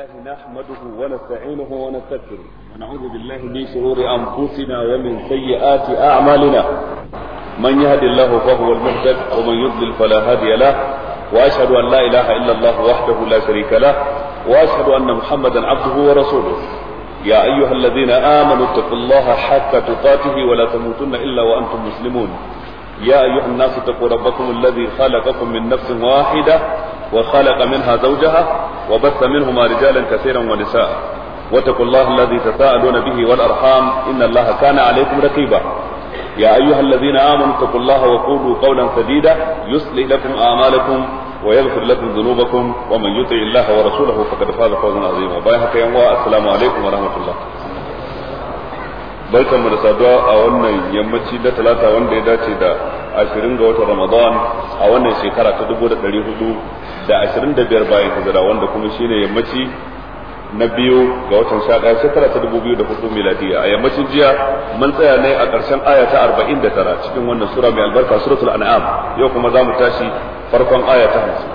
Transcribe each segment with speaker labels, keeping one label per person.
Speaker 1: الله نحمده ونستعينه ونستغفره ونعوذ بالله من شرور انفسنا ومن سيئات اعمالنا من يهد الله فهو المهتد ومن يضلل فلا هادي له واشهد ان لا اله الا الله وحده لا شريك له واشهد ان محمدا عبده ورسوله يا ايها الذين امنوا اتقوا الله حق تقاته ولا تموتن الا وانتم مسلمون يا ايها الناس اتقوا ربكم الذي خلقكم من نفس واحده وخلق منها زوجها وبث منهما رجالا كثيرا ونساء واتقوا الله الذي تساءلون به والأرحام إن الله كان عليكم رقيبا يا أيها الذين آمنوا اتقوا الله وقولوا قولا سديدا يصلح لكم أعمالكم ويغفر لكم ذنوبكم ومن يطع الله ورسوله فقد فاز فوزا عظيما بايحك يا السلام عليكم ورحمة الله barkanmu da saduwa a wannan yammaci na talata wanda ya dace da ashirin ga watan ramadan a wannan shekara ta dubu da ɗari hudu da 25 bayan hijira wanda kuma shi ne yammaci na biyu ga watan sha ɗaya shekara ta dubu biyu da hudu miladiya a yammacin jiya mun tsaya ne a ƙarshen aya ta arba'in da tara cikin wannan sura mai albarka suratul an'am yau kuma za mu tashi farkon aya ta hamsin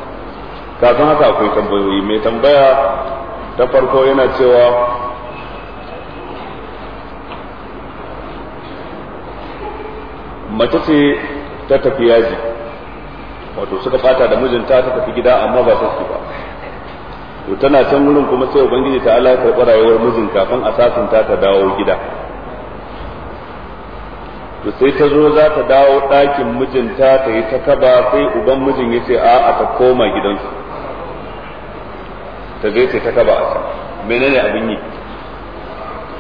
Speaker 1: kafin haka akwai tambayoyi mai tambaya ta farko yana cewa mace ce ta tafi yaji wato suka fata da mijinta ta tafi gida amma ba ta ba to tana can wurin kuma sai ubangiji ta Allah ya karɓi rayuwar mijin kafin a sasunta ta dawo gida to sai ta zo za ta dawo ɗakin mijinta ta yi ta kaba sai uban mijin ya ce a a ta koma gidansu ta zai ce ta kaba a can menene abin yi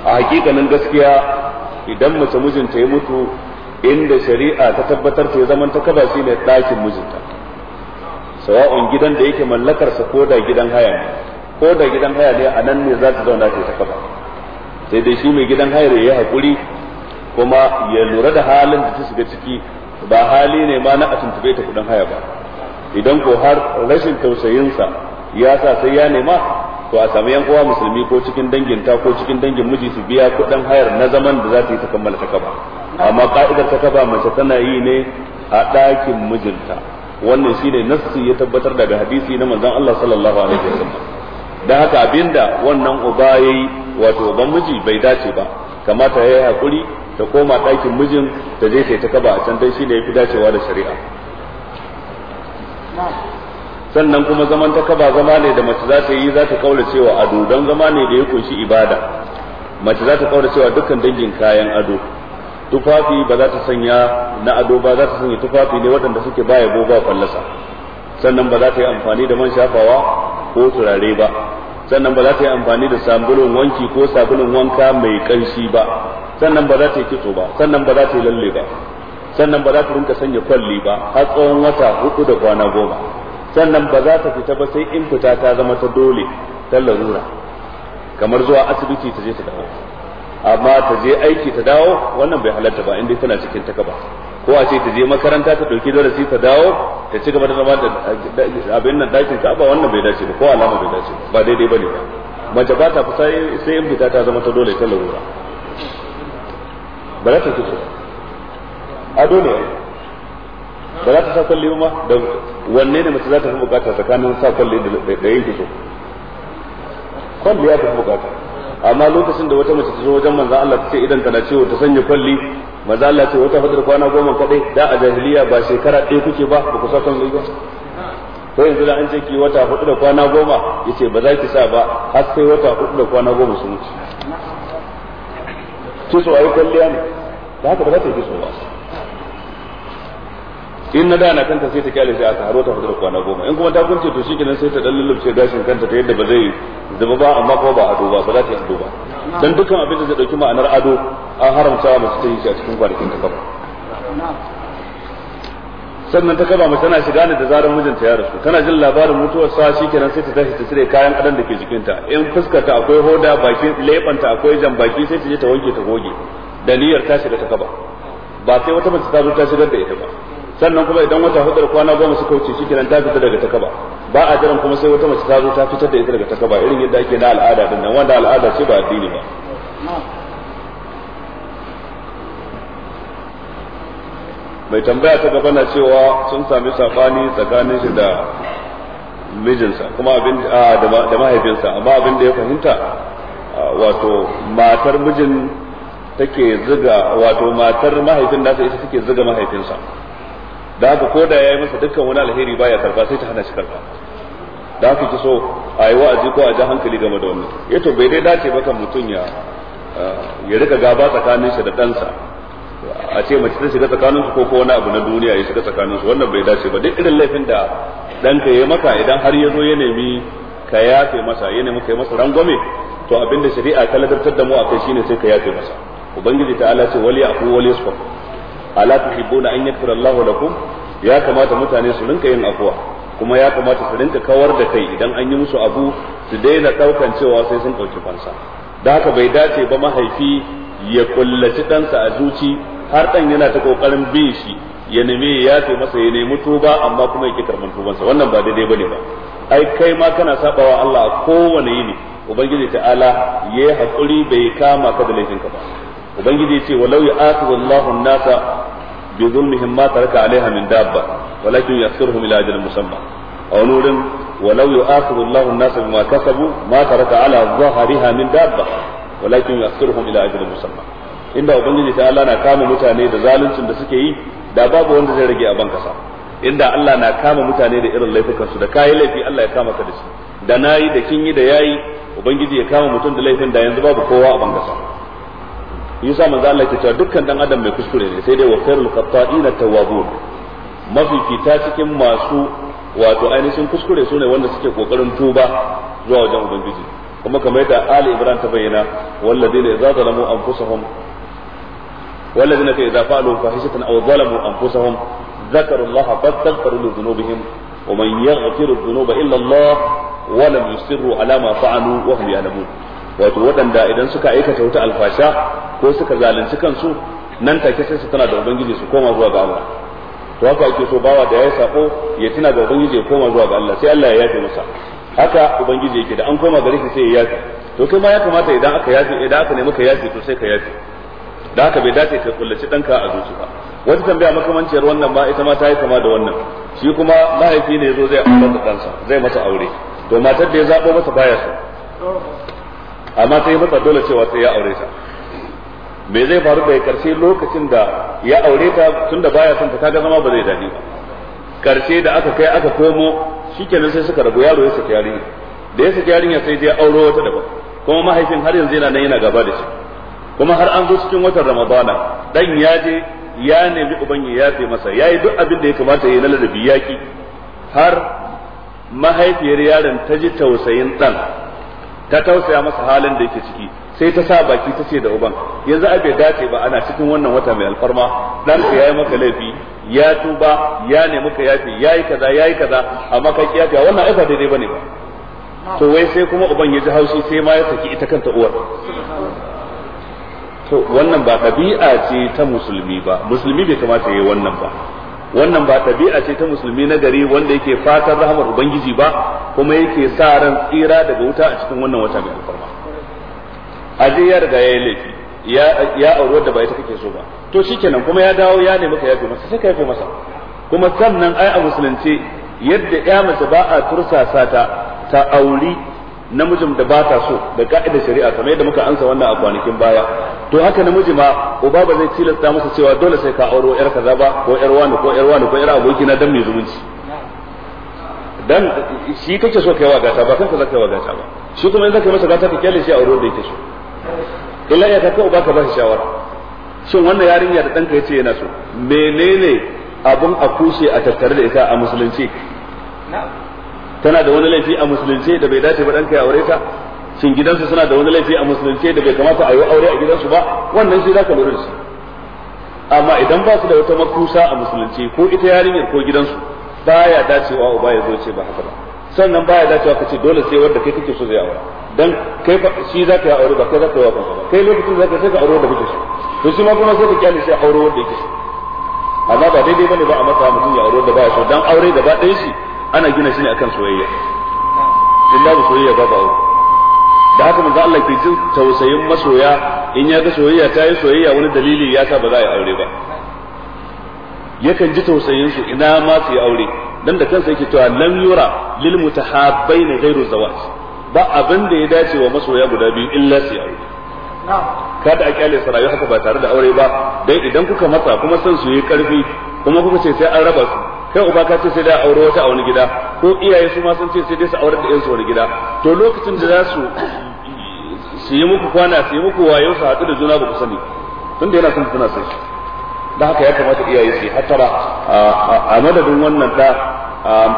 Speaker 1: a hakikanin gaskiya idan mace mijinta ya mutu inda shari'a ta tabbatar ta ya zaman ta kaba ne ɗakin mijinta sawa'un gidan da yake mallakarsa ko da gidan haya ne ko da gidan haya ne a nan ne za ta zauna ta kafa sai dai shi mai gidan haya ya yi hakuri kuma ya lura da halin da ta shiga ciki ba hali ne ma na a ta kudin haya ba idan ko har rashin tausayinsa ya sa sai ya nema to a sami yan uwa musulmi ko cikin danginta ko cikin dangin miji su biya kudin hayar na zaman da za ta yi ta kammala ta kaba amma ka'idar ta kaba mace tana yi ne a ɗakin mijinta wannan shine nassi ya tabbatar daga hadisi na manzon Allah sallallahu alaihi wasallam Da haka abinda wannan uba yayi wato uban miji bai dace ba kamata yayi hakuri ta koma ɗakin mijin ta je ta kaba a can dai shine yafi dacewa da shari'a sannan kuma zaman ta kaba zama ne da mace za ta yi za ta kaula cewa ado don zama ne da ya kunshi ibada mace za ta kaura cewa dukkan dangin kayan ado tufafi ba za ta sanya na ado ba za ta sanya tufafi ne waɗanda suke ba yabo ba fallasa sannan ba za ta yi amfani da man shafawa ko turare ba sannan ba za ta yi amfani da sabulun wanki ko sabulun wanka mai ƙanshi ba sannan ba za ta yi kitso ba sannan ba za ta yi lalle ba sannan ba za ta rinka sanya kwalli ba har tsawon wata hudu da kwana goma sannan ba za ta fita ba sai in fita ta zama ta dole ta larura kamar zuwa asibiti ta je ta dawo amma ta je aiki ta dawo wannan bai halatta ba inda tana cikin takaba ko a ce ta je makaranta ta dauki darasi ta dawo ta ci gaba da zama da abin nan dakin ka ba wannan bai dace ba ko alama bai dace ba daidai bane ba mace ba ta fita sai in fita ta zama ta dole ta lura ba za ta fito A dole. ba za ta sa kwalli ba da wanne ne mace za ta fi bukata tsakanin sa kwalli da yin fito kwalli ya fi bukata amma lokacin da wata mace ta zo wajen manzo Allah ta ce idan tana ciwo ta sanya kwalli manzo Allah ce wata fadar kwana goma kadai da a jahiliya ba shekara ɗaya kuke ba ba ku sa ba ko yanzu da an ce ki wata hudu da kwana goma yace ba za ki sa ba har sai wata hudu da kwana goma su mutu ki so ayi kwalliya ne da haka ba za ta yi so ba in na da na kanta sai ta kyale sai a haro ta fitar kwana goma in kuma ta kunce to shikenan sai ta dan lullubce gashin kanta ta yadda ba zai zuba ba amma kuma ba ado ba ba za ta yi ado ba dan dukkan abin da zai dauki ma'anar ado an haramta mace ta yi shi a cikin kwanakin ta kaba sannan ta kaba mace tana shiga ne da zarar mijinta ya rasu tana jin labarin mutuwar sa shikenan sai ta tashi ta cire kayan adan da ke jikinta in fuskarta akwai hoda bakin lebanta akwai jan baki sai ta je ta wanke ta goge da niyyar ta shiga ta kaba ba sai wata mace ta zo ta shigar da ita ba sannan kuma idan wata hudar da kwana goma suka wuce shikenan ta fita daga takaba ba a jiran kuma sai wata mace ta zo ta fitar da ita daga takaba irin yadda ake na al'ada din nan wanda al'ada ce ba addini ba mai tambaya ta gaba na cewa sun sami safani tsakanin shi da mijinsa kuma abin da mahaifinsa amma abin da ya fahimta wato matar mijin take zuga wato matar mahaifin nasa ita take zuga mahaifinsa da haka ko da yi masa dukkan wani alheri baya karba sai ta hana shi karba da haka ki so a yi wa'azi ko a ji hankali game da wannan ya eh to bai dai dace ba kan mutum ya eh, ya rika gaba tsakanin shi da ɗansa a ce mace ta shiga tsakanin su ko ko wani abu na duniya ya shiga tsakanin su wannan bai dace ba duk irin laifin da ɗanka ya maka idan har ya zo ya nemi ka yafe masa ya nemi ka yi masa rangwame to abinda shari'a ta ladabtar da mu kai shine sai ka yafe masa ubangiji ta ala ce wali ya'fu wali yasfah ala tuhibbuna an yaghfira Allahu lakum ya kamata mutane su rinka yin afuwa kuma ya kamata su rinka kawar da kai idan an yi musu abu su daina daukan cewa sai sun dauki fansa da haka bai dace ba mahaifi ya kullaci ɗansa a zuci har ɗan yana ta kokarin bin shi ya neme ya yafe masa ya nemi tuba amma kuma yake karban tubansa wannan ba daidai bane ba ai kai ma kana sabawa Allah a kowane yini ubangiji ta'ala yayi hakuri bai kama ka da laifinka ba ubangiji yace walau ya'atu wallahu nasa bi zulmihim ma taraka alaiha min dabba walakin yakhsiruhum ila ajalin musamma a wani wurin walau ya'atu wallahu nasa nasa ma kasabu ma taraka ala zahariha min dabba walakin yakhsiruhum ila ajalin musamma inda ubangiji ta Allah na kama mutane da zaluncin da suke yi da babu wanda zai rage a ban inda Allah na kama mutane da irin laifukan su da kayi laifi Allah ya kama ka da shi da nayi da kin yi da yayi ubangiji ya kama mutum da laifin da yanzu babu kowa a ban yasa manzo Allah ke cewa dukkan dan adam mai kuskure ne sai dai wa khairul khata'ina tawwabun mafi fita cikin masu wato ainihin kuskure sune wanda suke kokarin tuba zuwa wajen ubangiji kuma kamar yadda Ali Ibrahim ta bayyana walladina idza zalamu anfusahum والذين إذا فعلوا فاحشة أو ظلموا أنفسهم ذكروا الله فاستغفروا لذنوبهم ومن يغفر الذنوب إلا الله ولم يصروا على ما فعلوا وهم يعلمون wato waɗanda idan suka aikata wata alfasha ko suka zalunci kansu nan take sai su tana da ubangiji su koma zuwa ga Allah to haka ake so bawa da ya sako ya tuna ga ubangiji ya koma zuwa ga Allah sai Allah ya yafe masa haka ubangiji yake da an koma gare shi sai ya yafe to kai ma ya kamata idan aka yafe idan aka nemi ka yafe to sai ka yafe da haka bai dace ka kullace danka a zuci ba wata tambaya makamanciyar wannan ma ita ma ta yi kama da wannan shi kuma mahaifi ne zo zai aure da ɗansa zai masa aure to matar da ya zaɓo masa baya so amma sai masa dole cewa sai ya aure ta me zai faru da karshe lokacin da ya aure ta tunda baya son ta kaga zama ba zai dadi ba karshe da aka kai aka komo shikenan sai suka rabu yaro ya saki yarinya da ya saki yarinya sai ya auro wata daban kuma mahaifin har yanzu yana nan yana gaba da shi kuma har an zo cikin watan ramadana dan ya je ya nemi uban ya fi masa ya yi duk abin da ya kamata ya yi na ladabi yaƙi har mahaifiyar yaron ta ji tausayin dan ta tausaya masa halin da yake ciki sai ta sa baki ta ce da uban yanzu abin da dace ba ana cikin wannan wata mai alfarma dan ka yayi maka laifi ya tuba ya nemi ka yafi yayi kaza yayi kaza amma ka kiya ka wannan aka daidai bane ba to wai sai kuma uban ya ji haushi sai ma ya saki ita kanta uwar to wannan ba ɗabi'a ce ta musulmi ba musulmi bai kamata ya yi wannan ba wannan ba tabi'a ce ta musulmi na gari wanda yake fatan rahamar ubangiji ba kuma yake sa ran tsira daga wuta a cikin wannan wata mai alfarma aje ya riga ya yi laifi ya auri da ba ta kake so ba to shikenan kuma ya dawo ya nemi ka yafe masa sai ka yafe masa kuma sannan ai a musulunci yadda ya mace ba a tursasa ta ta auri namijin da ba ta so da ka'idar shari'a kamar yadda muka ansa wannan a kwanakin baya to haka namiji ma uba ba zai tilasta masa cewa dole sai ka auro yar kaza ba ko yar wani ko yar wani ko yar abokina dan mai zumunci dan shi kake so kai wa gata ba kanka zaka yi wa gata ba shi kuma in zaka masa gata ka kyale shi a auro da yake
Speaker 2: so
Speaker 1: illa ya kake uba ka ba shi shawara shin wannan yarinya da danka yace yana so menene abun a kushe a tattare da ita a musulunci na'am tana da wani laifi a musulunce da bai dace ba dan kai aure ta shin gidansu suna da wani laifi a musulunce da bai kamata a yi aure a gidansu ba wannan shi zaka lura da shi amma idan ba su da wata makusa a musulunci ko ita yarinyar ko gidansu baya dacewa uba ya zo ce ba haka ba sannan baya dacewa ka ce dole sai wanda kai kake so zai aure dan kai shi zaka yi aure ba kai zaka yi wa kanka kai lokacin zaka sai ka aure wanda kake so to shi ma kuma sai ka kyale shi aure wanda yake so amma ba daidai bane ba a matsa mutum ya aure da baya so dan aure gaba ɗaya shi ana gina shi ne akan soyayya in babu soyayya babu aure da haka manzo Allah ke jin tausayin masoya in ya ga soyayya ta yi soyayya wani dalili ya sa ba za a yi aure ba yakan ji tausayin su ina ma su yi aure dan da kansa yake cewa lam yura lil mutahabbain ghairu zawaj ba abin da ya dace wa masoya guda biyu illa su yi
Speaker 2: aure
Speaker 1: kada a kyale su haka ba tare da aure ba dai idan kuka matsa kuma son su yi karfi kuma kuka ce sai an raba su kai uba ka ce sai da aure wata a wani gida ko iyaye su ma sun ce sai dai su aure da yansu wani gida to lokacin da za su su yi muku kwana su yi muku wayo su haɗu da juna ba ku sani tun da yana son suna sai da haka ya kamata iyaye su yi hattara a madadin wannan da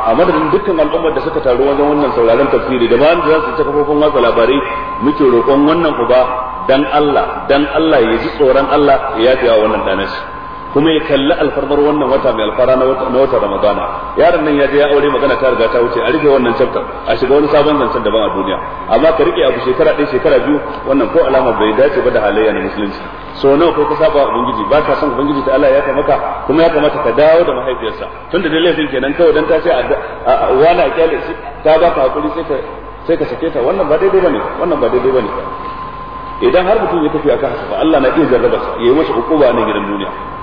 Speaker 1: a madadin dukkan al'ummar da suka taru wajen wannan sauraron tafsiri da bayan da za su ta kafofin watsa labarai muke roƙon wannan uba dan Allah dan Allah ya ji tsoron Allah ya fi wa wannan danashi kuma ya kalli alfarmar wannan wata mai alfara na wata ramadana yaron nan ya je ya aure magana ta riga ta wuce a rike wannan chapter a shiga wani sabon zancen daban a duniya amma ka rike abu shekara ɗaya shekara biyu wannan ko alama bai dace ba da halayya na musulunci so nawa ko ka saba wa ubangiji ba ka son ubangiji ta Allah ya kai maka kuma ya kamata ka dawo da mahaifiyarsa tunda da laifin kenan kawai dan ta ce a wala a kyale shi ta ka hakuri sai ka sai ka sake ta wannan ba daidai bane wannan ba daidai bane idan har mutum ya tafi akan haka Allah na iya jarraba sa yayi masa hukuma nan gidan duniya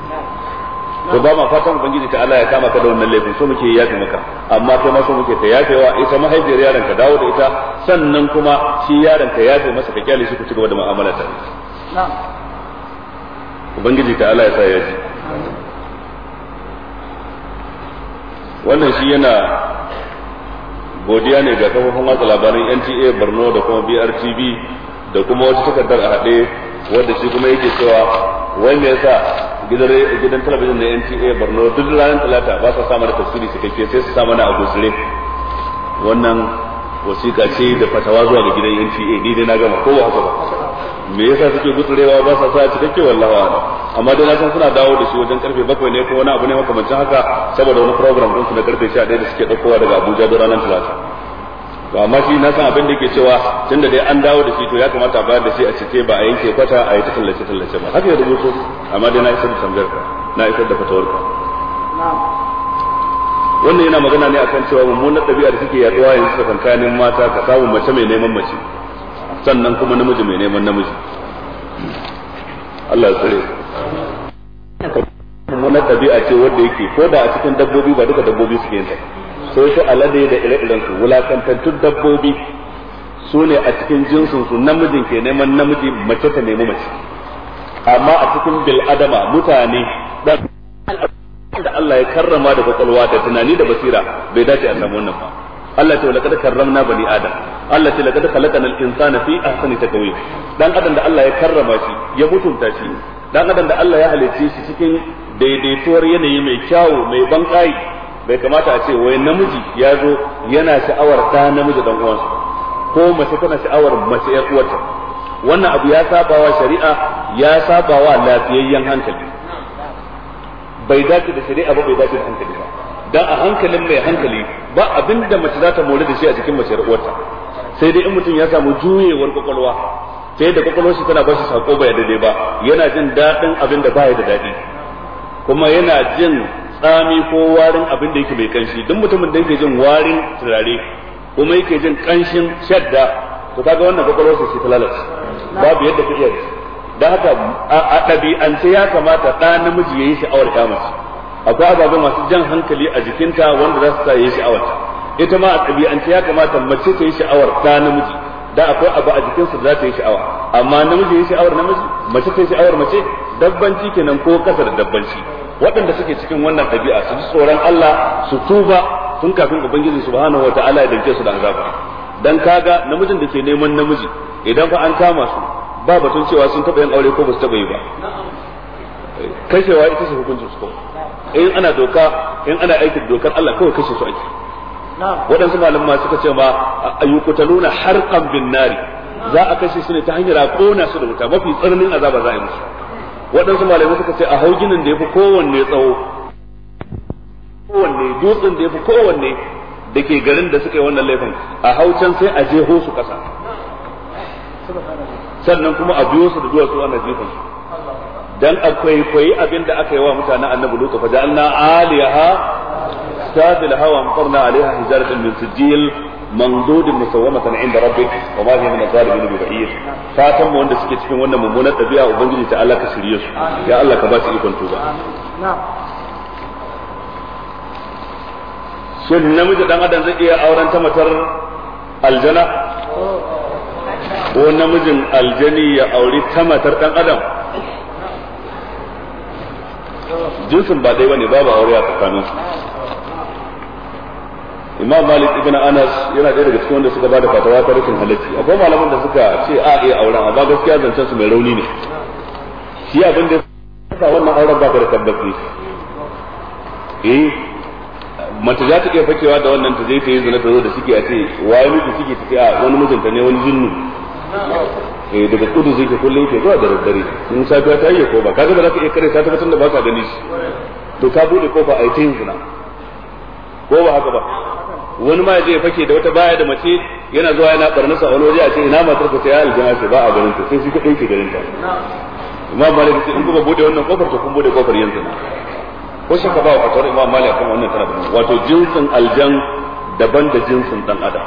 Speaker 1: to ba ma fatan ubangiji ta Allah ya kama ka da wannan laifin so muke yafe maka amma kai ma so muke ta yafewa ita mahaifiyar yaron ka dawo da ita sannan kuma shi yaron ka yafe masa ka kyale shi ku ci gaba da mu'amala ta ubangiji ta Allah ya sa ya ji wannan shi yana godiya ne ga kafofin watsa labarin NTA Borno da kuma brtb da kuma wata takardar a haɗe wadda shi kuma yake cewa wai me yasa gidan talabijin da NTA Borno duk ranar talata ba sa samu da tafsiri su kake sai su samu na agusure wannan wasiƙa ce da fatawa zuwa ga gidan NTA ni dai na gama ko haka ba me yasa suke gutsurewa ba sa sa cikakke wallahi ala amma dai na san suna dawo da shi wajen karfe bakwai ne ko wani abu ne makamancin haka saboda wani program ɗinsu na karfe 11 da suke ɗaukowa daga Abuja da ranar talata to amma shi na san abin da yake cewa tunda dai an dawo da shi to ya kamata a bayar da shi a cike ba a yanke kwata a yi ta tallace tallace ba haka ya rubuto amma dai na isar da tambayar ka na isar da fatawar ka wannan yana magana ne akan cewa mummunar ɗabi'a da suke yaduwa yanzu tsakankanin mata ka samu mace mai neman mace sannan kuma namiji mai neman namiji Allah ya tsare mummunar ɗabi'a ce wanda yake ko da a cikin dabbobi ba duka dabbobi suke yin ta sai su alade da ire-iren su wulakantattun dabbobi su ne a cikin jinsin su namijin ke neman namiji mace ta nemi mace amma a cikin bil adama mutane da Allah ya karrama da kwakwalwa da tunani da basira bai dace a samu wannan ba Allah ce laqad karramna bani adam Allah ce laqad khalaqna al-insana fi ahsani taqwim dan adam da Allah ya karrama shi ya mutunta shi dan adam da Allah ya halicce shi cikin daidaituwar yanayi mai kyawu mai banƙayi bai kamata a ce wai namiji ya zo yana sha'awar ta namiji dan uwansa ko mace tana sha'awar mace ƴar uwarta wannan abu ya sabawa shari'a ya sabawa lafiyayyen hankali bai dace da shari'a ba bai dace da hankali ba dan a hankalin mai hankali ba abinda mace za ta mori da shi a jikin mace uwarta sai dai in mutum ya samu juyewar kwakwalwa sai da kwakwalwar shi tana ba shi sako bai daidai ba yana jin daɗin abin da baya da daɗi kuma yana jin tsami ko warin abin da yake mai kanshi duk mutumin da yake jin warin turare kuma yake jin kanshin shadda to kaga wannan kwakwalwarsa sai ta lalace babu yadda ka iya da haka a ɗabi'ance ya kamata ɗa namiji ya yi sha'awar kyamata akwai ababe masu jan hankali a jikinta wanda za su sa ya yi sha'awar ita ma a ɗabi'ance ya kamata mace ta yi sha'awar ɗa namiji da akwai abu a jikin da za ta yi sha'awa amma namiji ya yi sha'awar namiji mace ta yi sha'awar mace dabbanci kenan ko kasa da dabbanci waɗanda suke cikin wannan ɗabi'a su ji tsoron Allah su tuba sun kafin ubangiji subhanahu ta'ala ya dauke su da azaba dan kaga namijin da ke neman namiji idan fa an kama su ba batun cewa sun taɓa yin aure ko ba su taɓa yi ba kashewa ita ce hukuncin su in ana doka in ana aikin dokar Allah kawai kashe su ake waɗansu malamma suka ce ma ayyukutaluna harqan bin nari za a kashe su ne ta hanyar a kona su da wuta mafi tsananin azaba za a yi musu waɗansu malamai suka ce a hau ginin da ya fi kowanne tsawo kowanne dutsen da ya fi kowanne da ke garin da suka yi wannan laifin a haucan sai a je su ƙasa sannan kuma a biyo su da duwatsu ana jifan dan akwai kwaikwayi abin da aka yi wa mutanen annabi lutu fa ja'alna aliyaha sabil hawa amqarna alaiha hijaratan min sijil mamdud musawwamatan inda rabbik wa ma hiya min adh-dhalimin bi ba'id fatan mu wanda suke cikin wannan mummunar dabi'a ubangiji ta Allah ka shirye su ya Allah ka ba su ikon tuba shin namiji dan adam zai iya auren ta matar aljana ko namijin aljani ya auri ta matar dan adam jinsin ba dai bane babu aure a tsakaninsu imam malik ibn anas yana daya daga cikin wanda suka bada fatawa ta rikin halacci akwai malaman da suka ce a iya eh, auren amma gaskiya zancen su mai rauni ne shi abin da sa wannan auren ba da tabbaci eh mace za ta iya fakewa da wannan ta je ta yi zina ta zo da shike a ce waye miji shike ta ce a wani mijinta ne wani jinnu eh daga kudu zai ke kullum ke zuwa da daddare in safiya ta yi ko ba kaga ba za ka iya kare ta ta tunda ba ka gani shi to ka bude kofa a yi ta yin zina ko ba haka ba wani ma je fake da wata baya da mace yana zuwa yana barna sa wani waje a ce ina matar ka ta ya aljanna ce ba a garin ta sai shi ka dinki garin ta imam malik ce in kuma bude wannan kofar to kun bude kofar yanzu ko ka ba a tare imam malik kan wannan tana wato jinsin aljan daban da jinsin dan adam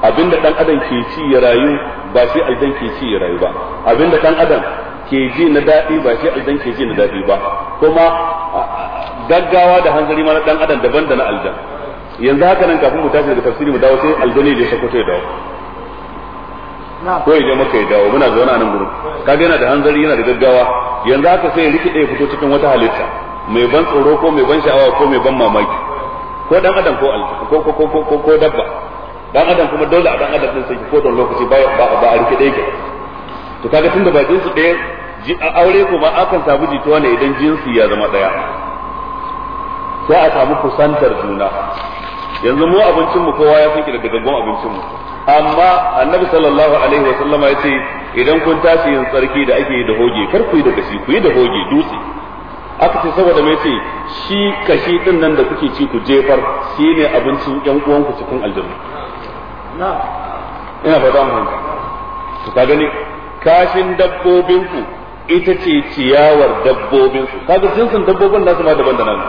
Speaker 1: abinda dan adam ke ci ya rayu ba sai aljan ke ci ya rayu ba abinda dan adam ke ji na daɗi ba sai aljan ke ji na daɗi ba kuma gaggawa da hanzari ma na dan adam daban da na aljan yanzu haka nan kafin mu tashi daga tafsiri mu dawo sai aljani da sokoto ya dawo ko idan muka ya dawo muna zaune a nan gurin kaga yana da hanzari yana da gaggawa yanzu haka sai ya rikide ya fito cikin wata halitta mai ban tsoro ko mai ban sha'awa ko mai ban mamaki ko dan adam ko ko ko ko ko dabba dan adam kuma dole a dan adam din sai ko don lokaci ba ba a rikide yake to kaga tunda ba jinsi ɗaya a aure kuma akan samu jituwa ne idan jinsi ya zama ɗaya sai a samu kusantar juna yanzu mu abincin mu kowa ya san daga gaban abincin mu amma annabi sallallahu alaihi wa sallama ya ce idan kun tashi yin tsarki da ake yi da hoge kar ku yi da kashi ku yi da hoge dutse aka ce saboda me ce shi kashi din nan da kuke ci ku jefar shi ne abincin yan ku cikin aljanna ina fata mu to ka gani kashin dabbobinku ita ce ciyawar dabbobin ka kaga jinsin dabbobin su ma daban da nan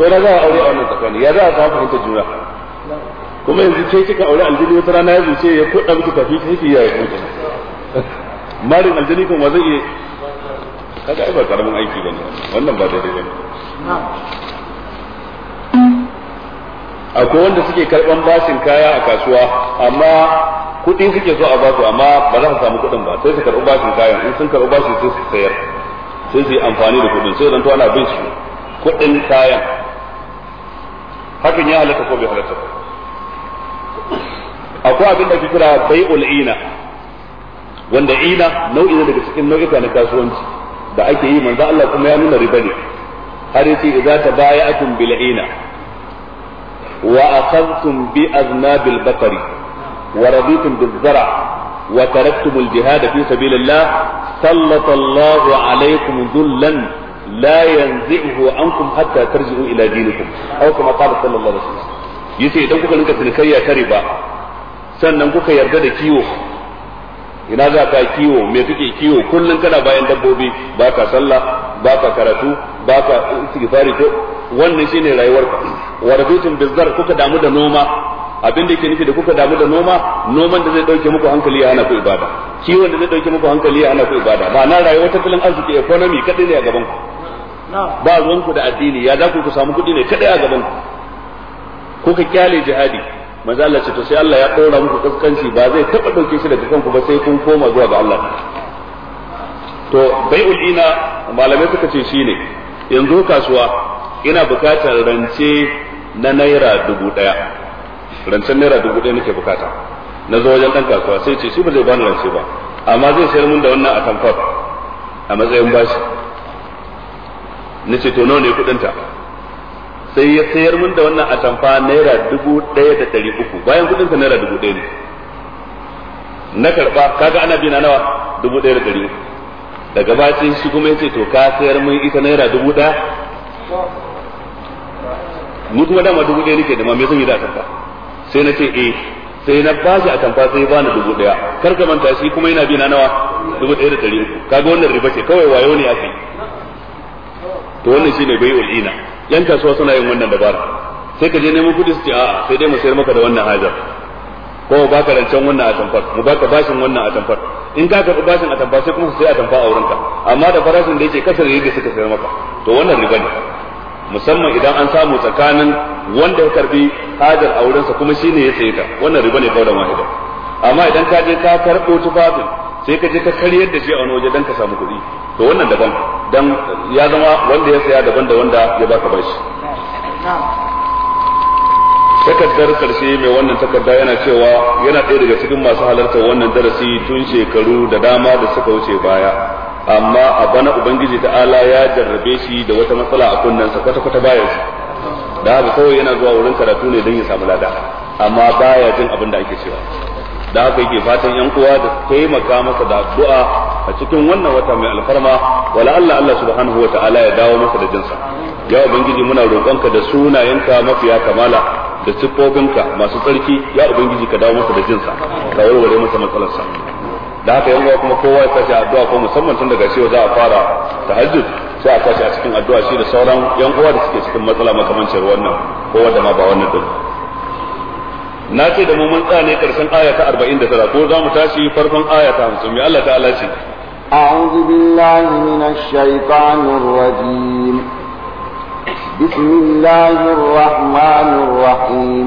Speaker 1: sai na za a aure a wannan tsakani ya za a samu fahimta juna kuma yanzu sai kika aure aljini wata rana ya zuce ya kuɗa miki kafin ki haifi ya kuɗa marin aljini kan wa zai iya kaga ai ba karamin aiki ba ne wannan ba daidai ba. ne akwai wanda suke karban bashin kaya a kasuwa amma kuɗi suke so a ba su amma ba za su samu kuɗin ba sai su karɓi bashin kayan in sun karɓi bashin sai su sayar sai su yi amfani da kuɗin sai zanto ana bin su kuɗin kayan hakan ya halatta ko bai halatta ba akwai abin da ake kira bai'ul ina wanda ina nau'i ne daga cikin nau'ika na kasuwanci da ake yi manzo Allah kuma ya nuna riba ne har yace idza tabaya'atum bil ina wa akhadhtum bi aznabil baqari wa raditum biz zara wa taraktum al jihad fi sabilillah sallata Allahu alaykum dhullan la yanzihu ankum hatta tarji'u ila dinikum aw kama qala sallallahu alaihi wasallam yace idan kuka rinka tilkayya ta ba sannan kuka yarda da kiwo ina za ka kiwo me kake kiwo kullun kana bayan dabbobi ba ka sallah ba ka karatu ba ka istighfari to wannan shine rayuwarka wa bizar kuka damu da noma abin da yake nufi da kuka damu da noma noman da zai dauke muku hankali ya ana ku ibada kiwon da zai dauke muku hankali ya ana ku ibada rayuwa ta tattalin arziki economy kadai ne a gaban ku ba ruwan ku da addini ya za ku ku samu kuɗi ne kadai a gaban ku kuka kyale jihadi manzo Allah ce to sai Allah ya ɗora muku kaskanci ba zai taɓa ɗauke shi daga kanku ba sai kun koma zuwa ga Allah to bai'ul ina malamai suka ce ne, yanzu kasuwa ina bukatar rance na naira dubu ɗaya rancen naira dubu ɗaya nake bukata na zo wajen ɗan kasuwa sai ce shi ba zai bani rance ba amma zai sayar mun da wannan a tamfar a matsayin bashi na ce to nawa ne kuɗinta sai ya sayar mun da wannan a tamfa naira dubu ɗaya da ɗari uku bayan kuɗinta naira dubu ɗaya ne na karɓa kaga ana bi na nawa dubu ɗaya da ɗari uku daga bacin shi kuma ya ce to ka sayar mun ita naira dubu ɗaya mu kuma dama dubu ɗaya nake da ma me zan yi da atamfa sai na ce eh sai na ba shi a tamfa sai ba ni dubu daya kar ka manta shi kuma yana bina na nawa dubu daya da dari uku kaga wannan riba ce kawai wayo ne aka yi to wannan shine bai ulina yan kasuwa suna yin wannan dabara sai ka je neman kudi su ce a'a sai dai mu sayar maka da wannan hajar ko mu baka rancen wannan a tamfar mu baka bashin wannan a tamfar in ka karɓi bashin a tamfa sai kuma su sai a tamfa a wurinka amma da farashin da yake kasar yadda suka sayar maka to wannan riba ne musamman idan an samu tsakanin wanda ya karbi hajar a wurinsa kuma shine ya saye ta wannan riba ne kaudan wahida amma idan ka je ka karbo tufafin sai ka je ka karyar da shi a wani waje dan ka samu kuɗi to wannan daban dan ya zama wanda ya saya daban da wanda ya baka bashi takardar karshe mai wannan takarda yana cewa yana ɗaya daga cikin masu halartar wannan darasi tun shekaru da dama da suka wuce baya amma a bana ubangiji ta'ala ya jarrabe shi da wata matsala a kunnensa kwata-kwata bayansa da haka kawai yana zuwa wurin karatu ne don ya samu lada
Speaker 3: amma baya jin
Speaker 1: abin da ake cewa da haka yake fatan yan uwa da taimaka masa da addu'a a cikin wannan wata mai alfarma wala Allah Allah subhanahu wataala ya dawo masa da jinsa ya ubangiji muna roƙonka da sunayenka mafiya kamala da siffofinka masu tsarki ya ubangiji ka dawo masa da jinsa ka warware masa matsalarsa da haka yan uwa kuma kowa ya sace addu'a ko musamman tun daga cewa za a fara tahajjud sai a tashi a cikin addu'a shi da sauran yan uwa da suke cikin matsala makamancin wannan ko wanda ma ba wannan din na ce da mu mun tsane karshen aya ta 49 ko za mu tashi farkon aya ta 50 mai Allah ta'ala ce
Speaker 3: أعوذ بالله من الشيطان الرجيم بسم الله الرحمن الرحيم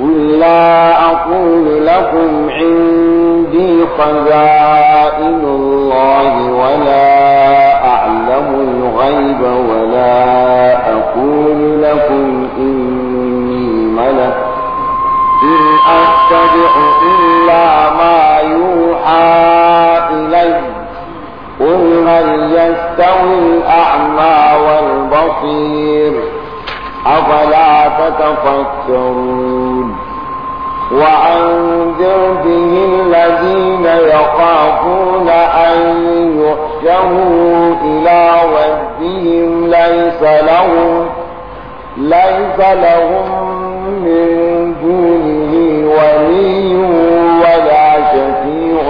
Speaker 3: قل لا أقول لكم عندي خزائن الله ولا أعلم الغيب ولا أقول لكم إني ملك إن أتبع إلا ما يوحى إلي قل هل يستوي الأعمى والبصير أفلا تتفكرون وأنذر به الذين يخافون أن يحشروا إلى ربهم ليس لهم ليس لهم من دونه ولي ولا شفيع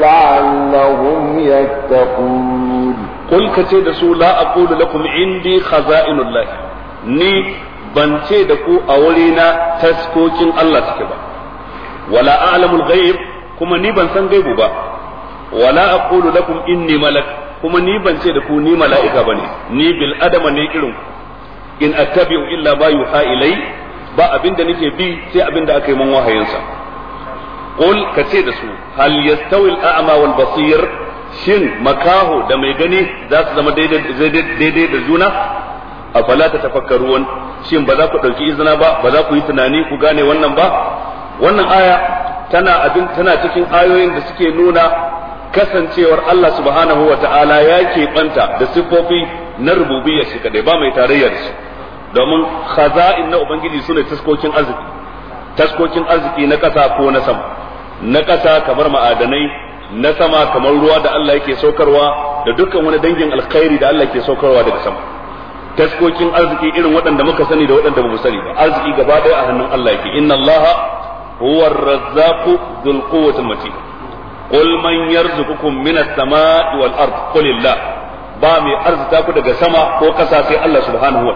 Speaker 1: لعلهم يتقون قل كتي دسو لا أقول لكم عندي خزائن الله ني ban ce da ku a wurina wala a'lamul ghaib kuma ni ban san gaibu ba wala aqulu lakum inni malak kuma ni ban ce da ku ni mala'ika bane ni bil adama ne irin in attabi'u illa ma yuha ilai ba abinda nake bi sai abinda aka yi man wahayinsa qul ka ce da su hal yastawi al a'ma wal basir shin makaho da mai gani za su zama daidai da juna a fala ta tafakkaruwan shin ba za ku ɗauki izina ba ba za ku yi tunani ku gane wannan ba wannan aya tana abin tana cikin ayoyin da suke nuna kasancewar Allah subhanahu wa ta'ala ya keɓanta da siffofi na rububiyya shi kadai ba mai tarayya da shi domin khaza'in na ubangiji sune taskokin arziki taskokin arziki na ƙasa ko na sama na ƙasa kamar ma'adanai na sama kamar ruwa da Allah yake saukarwa da dukkan wani dangin alkhairi da Allah yake saukarwa daga sama taskokin arziki irin waɗanda muka sani da waɗanda ba mu sani ba arziki gaba ɗaya a hannun Allah yake inna Allah huwa ar-razzaq dhul quwwati matin qul man yarzuqukum minas samai wal ba mai arzikaku daga sama ko kasa sai Allah subhanahu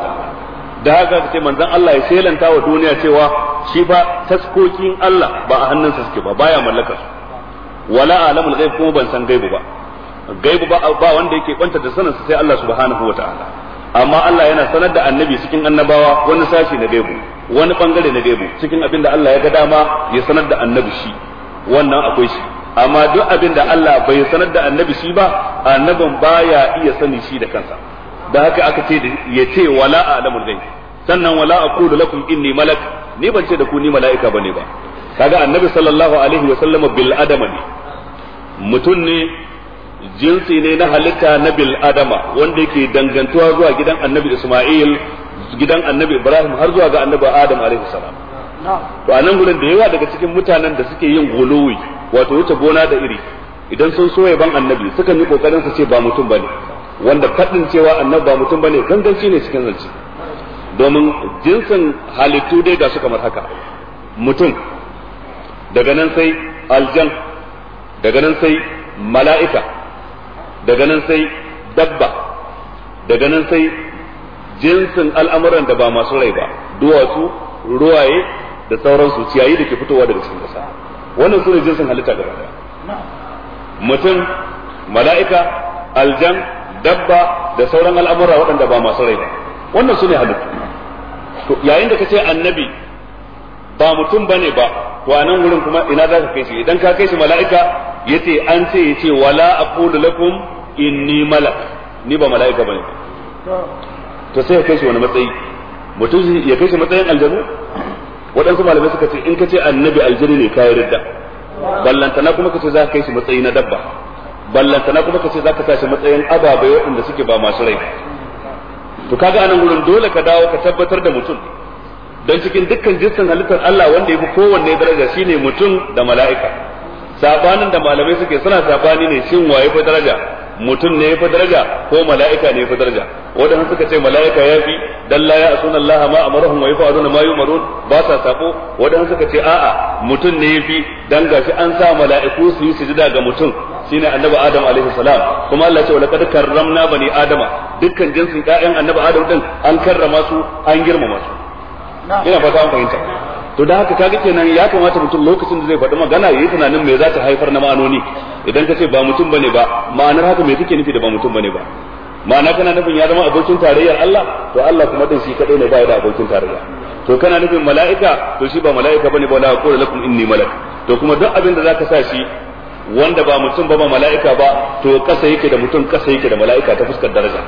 Speaker 1: da haka ce manzon Allah ya selanta wa duniya cewa shi ba taskokin Allah ba a hannunsa suke ba baya mallakar su wala alamul ban san gaibu ba gaibu ba wanda yake ɓanta da sanansa sai Allah subhanahu wa amma Allah yana sanar da annabi cikin annabawa wani sashi na gaibu wani bangare na gaibu cikin abin da Allah ya ga dama ya sanar da annabi shi wannan akwai shi amma duk abin da Allah bai sanar da annabi shi ba annabin baya iya sani shi da kansa da haka aka ce ya ce wala alamul ghaib sannan wala aqulu lakum inni malak ni ban ce da ku ni mala'ika bane ba kaga annabi sallallahu alaihi wa sallama bil adama ne mutum ne jinsi ne na halitta na bil adama wanda yake dangantuwa zuwa gidan annabi isma'il gidan annabi ibrahim har zuwa ga annabi adam alaihi salam to a nan gurin da yawa daga cikin mutanen da suke yin guluwi wato wuce gona da iri idan sun so ban annabi sukan yi kokarin su ce ba mutum bane wanda fadin cewa annabi ba mutum bane ganganci ne cikin zance domin jinsin halittu dai ga su kamar haka mutum daga nan sai aljan daga nan sai mala'ika daga nan sai dabba daga nan sai jinsin al'amuran da ba masu rai ba duwatsu ruwaye da sauransu ciyayi da ke fitowa daga cikin ƙasa wannan su ne jinsin halitta gaba daya mutum mala'ika aljan dabba da sauran al'amura waɗanda ba masu rai ba wannan su ne halittu to yayin da ka ce annabi ba mutum bane ba to a nan wurin kuma ina za ka kai shi idan ka kai shi mala'ika yace an ce yace wala aqulu lakum inni malak ni ba mala'ika bane to sai ya kai shi wani matsayi mutum ya kai shi matsayin aljanu waɗansu malamai suka ce in ka ce annabi aljani ne kayi ridda ballantana kuma ka ce za ka kai shi matsayi na dabba ballantana kuma ka ce za ka sa shi matsayin ababai waɗanda suke ba masu rai to kaga anan gurin dole ka dawo ka tabbatar da mutum don cikin dukkan jinsin halittar Allah wanda ya fi kowanne daraja shine mutum da mala'ika sabanin da malamai suke suna sabani ne shin waye fa daraja mutum ne fa daraja ko mala'ika ne fa daraja wadanda suka ce mala'ika ya fi dan asuna Allah ma amaruhum wa yaf'aluna ma yu'marun ba sa sako wadanda suka ce a'a mutum ne yafi dan gashi an sa mala'iku su yi sujada ga mutum shine annabi adam alaihi salam kuma Allah ya ce wa laqad karramna bani adama dukkan jinsin ƴaƴan annabi adam din an karrama su an girmama su ina fata an fahimta to da haka kaga kenan ya kamata mutum lokacin da zai faɗi magana yayi tunanin me za ta haifar na ma'anoni idan ka ce ba mutum bane ba ma'anar haka me kake nufi da ba mutum bane ba ma'ana kana nufin ya zama abokin tarayyar Allah to Allah kuma din shi kadai ne ba ya da abokin tarayya to kana nufin mala'ika to shi ba mala'ika bane ba la aqulu lakum inni malak to kuma duk abin da zaka sa shi wanda ba mutum ba ba mala'ika ba to kasa yake da mutum kasa yake da mala'ika ta fuskar daraja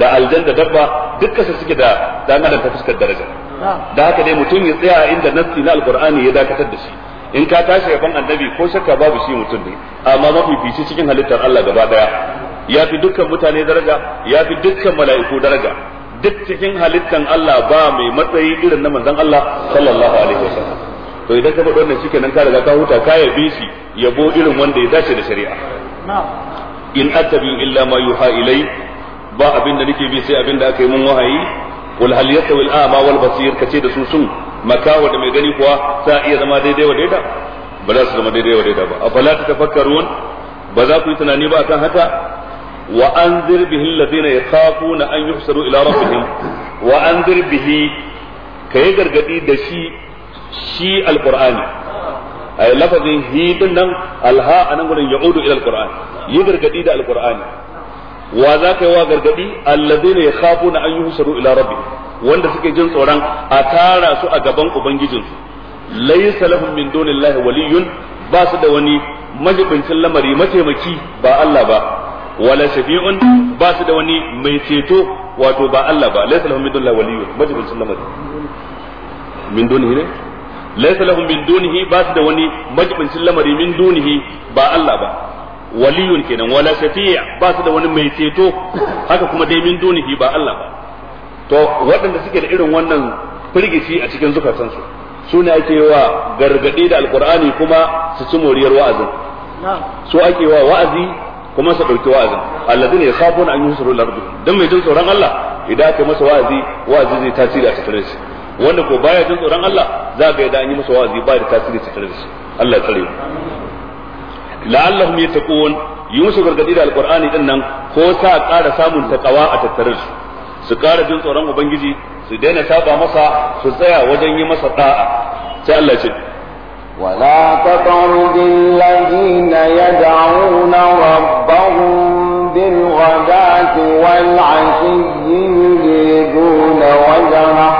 Speaker 1: da aljanna da dabba dukkan su suke da dan adam ta fuskar daraja da haka dai mutum ya tsaya inda nassi na alqur'ani ya dakatar da shi in ka tashi yaban annabi ko shakka babu shi mutum ne amma mafifici cikin halittar Allah gaba daya ya fi dukkan mutane daraja ya fi dukkan mala'iku daraja duk cikin halittan Allah ba mai matsayi irin na manzon Allah sallallahu alaihi wasallam to idan ka bada wannan shikenan ka riga ka huta ka yabe shi yabo irin wanda ya dace da shari'a in attabi illa ma yuha ilai ba abin da nake bi sai abin da aka yi mun wahayi qul hal yastawi al-a'ma wal basir kace da su sun makawa da mai gani kuwa sa iya zama daidai wa daida ba za su zama daidai wa daida ba afala tatafakkarun ba za ku yi tunani ba akan haka wa anzir bihi alladhina yakhafuna an yuhsaru ila rabbihim wa anzir bihi kai gargadi da shi shi alqur'ani ay lafazin hi din nan alha anan gurin yaudu ila alqur'ani yi gargadi da alqur'ani wa za ka yi wa gargadi allazina yakhafuna an yuhsaru ila rabbi wanda suke jin tsoron a tara su a gaban ubangijinsu laysa lahum min dunillahi waliyun ba su da wani majibincin lamari mataimaki ba Allah ba wala shafi'un ba su da wani mai ceto wato ba Allah ba laysa lahum min dunillahi waliyun majibincin lamari min dunihi ne laysa lahum min dunihi ba su da wani majibincin lamari min dunihi ba Allah ba waliyun kenan wala safiya ba su da wani mai ceto haka kuma dai min dunihi ba Allah ba to waɗanda suke da irin wannan firgici a cikin zukatansu su ne ake wa gargaɗi da alkur'ani kuma su ci moriyar wa'azin su ake wa wa'azi kuma su ɗauki wa'azin allazina yakhafuna an yusru lardu dan mai jin tsoron Allah idan aka masa wa'azi wa'azi zai tasiri a cikin shi wanda ko baya jin tsoron Allah za ga yadda an yi masa wa'azi ba da tasiri a cikin shi Allah ya tsare mu la'allahum yattaqun yi musu gargadi da alqur'ani din nan ko sa ƙara samun takawa a tattare su su ƙara jin tsoron ubangiji su daina saba masa su tsaya wajen yi masa da'a sai Allah ce ولا
Speaker 3: تطرد الذين يدعون ربهم بالغداة والعشي يريدون وجهه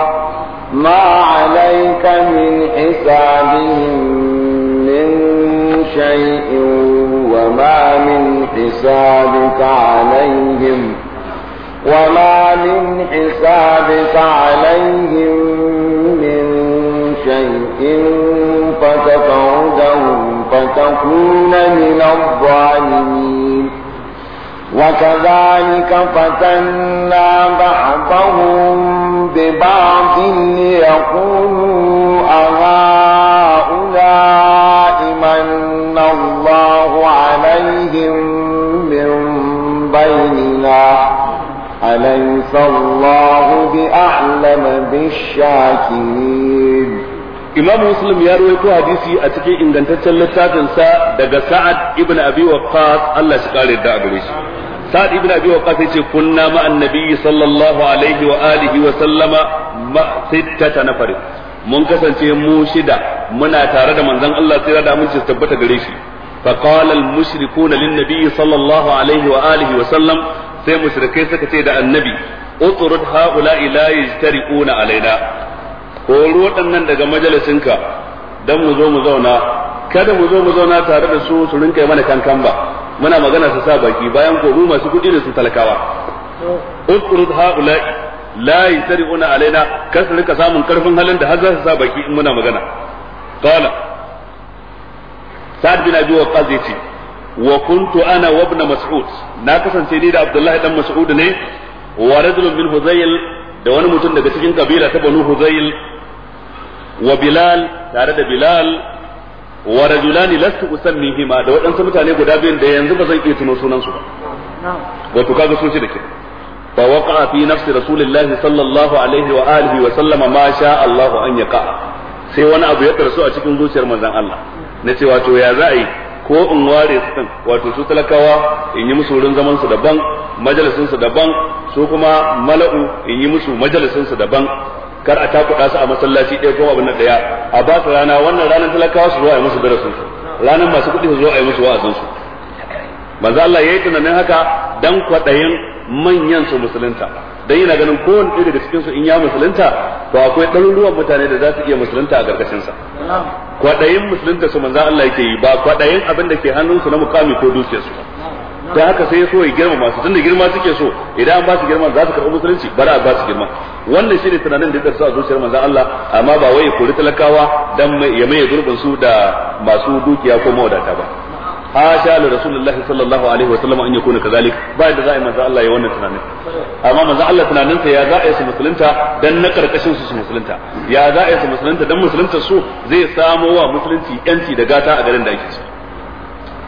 Speaker 3: ما عليك من حسابهم وما من حسابك عليهم وما من حسابك عليهم من شيء فتطردهم فتكون من الظالمين وكذلك فتنا بعضهم ببعض ليقول والله بأعلم بالشاكرين
Speaker 1: ya rawaito hadisi a cikin ingantaccen littafinsa daga Sa'ad ibn Abi Waqqas Allah shi kare da gare shi. Sa'ad ibn Abi Waqqas yace kunna ma'an nabiyyi sallallahu alaihi wa wa sallama ma Mun kasance mu muna tare da manzon Allah sai da mun tabbata gare shi. Fa qala al mushrikuna lin nabiyyi sallallahu alaihi wa alihi wa sallam sai mushrikai suka ce da annabi uturud haula'i la yajtari'una alaina horo waɗannan daga majalisinka dan mu zo mu zauna kada mu zo mu zauna tare da su su rinka mana kankan ba muna magana su sa baki bayan ko masu kuɗi da su talakawa uturud haula la yajtari'una alaina kar su rinka samun karfin halin da har za su sa baki in muna magana qala sa'd bin abi waqqas yace wa kuntu ana wa ibn mas'ud na kasance ni da abdullahi dan mas'ud ne wa rajulun min huzayl da wani mutum daga cikin kabila ta banu huzayl wa bilal tare da bilal wa rajulani lastu usammihima da waɗansu mutane guda biyun da yanzu ba zan iya tuno sunan ba wato kaga sun ci da ke fa waqa fi sallallahu alaihi wa alihi wa sallama Allah sai wani abu ya karso a cikin zuciyar manzon Allah na ce wato ya za a yi ko in ware su wato su talakawa in yi musu wurin zaman su daban majalisin su daban su kuma mala'u in yi musu majalisin su daban kar a takuɗa su a masallaci ɗaya ko abin nan ɗaya a ba su rana wannan ranar talakawa su zo a yi musu darasin su ranar masu kuɗi su zo a yi musu wa'azin su manzo Allah yayi tunanin haka dan kwaɗayin manyan su musulunta dan yana ganin kowanne ɗaya daga cikin su in ya musulunta to akwai ɗaruruwan mutane da za su iya musulunta a ƙarƙashin sa kwaɗayin musulunta su manzo Allah yake yi ba kwaɗayin abin da ke hannun su na mukami ko dukiyar su ba da haka sai ya so ya girma masu tunda girma suke so idan an ba su girma za su karɓi musulunci bara a ba su girma wannan shine tunanin da yake sa zuciyar manzon Allah amma ba wai ya kori talakawa dan ya maye gurbin su da masu dukiya ko mawadata ba hasha li rasulullahi sallallahu alaihi wa sallam an yakuna kazalik ba da za'i manzo Allah ya wannan tunanin amma manzo Allah tunanin sa ya za'i su musulunta dan na karkashin su su musulunta ya za'i su musulunta dan musulunta su zai samo wa musulunci yanci da gata a garin da ake ci.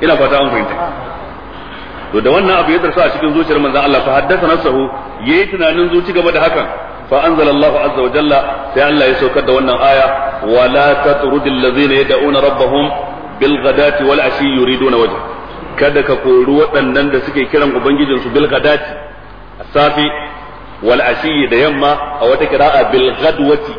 Speaker 1: ina fata an fahimta to da wannan abu ya tarsa a cikin zuciyar manzon Allah fa haddasa nasahu yayi tunanin zuci gaba da hakan fa anzalallahu azza wa jalla sai Allah ya saukar da wannan aya wala tatrudil ladzina yad'una rabbahum bil ghadati wal ashi yuriduna wajh kada ka kori waɗannan da suke kiran ubangijinsu bil ghadati safi wal ashi da yamma a wata kira'a bil ghadwati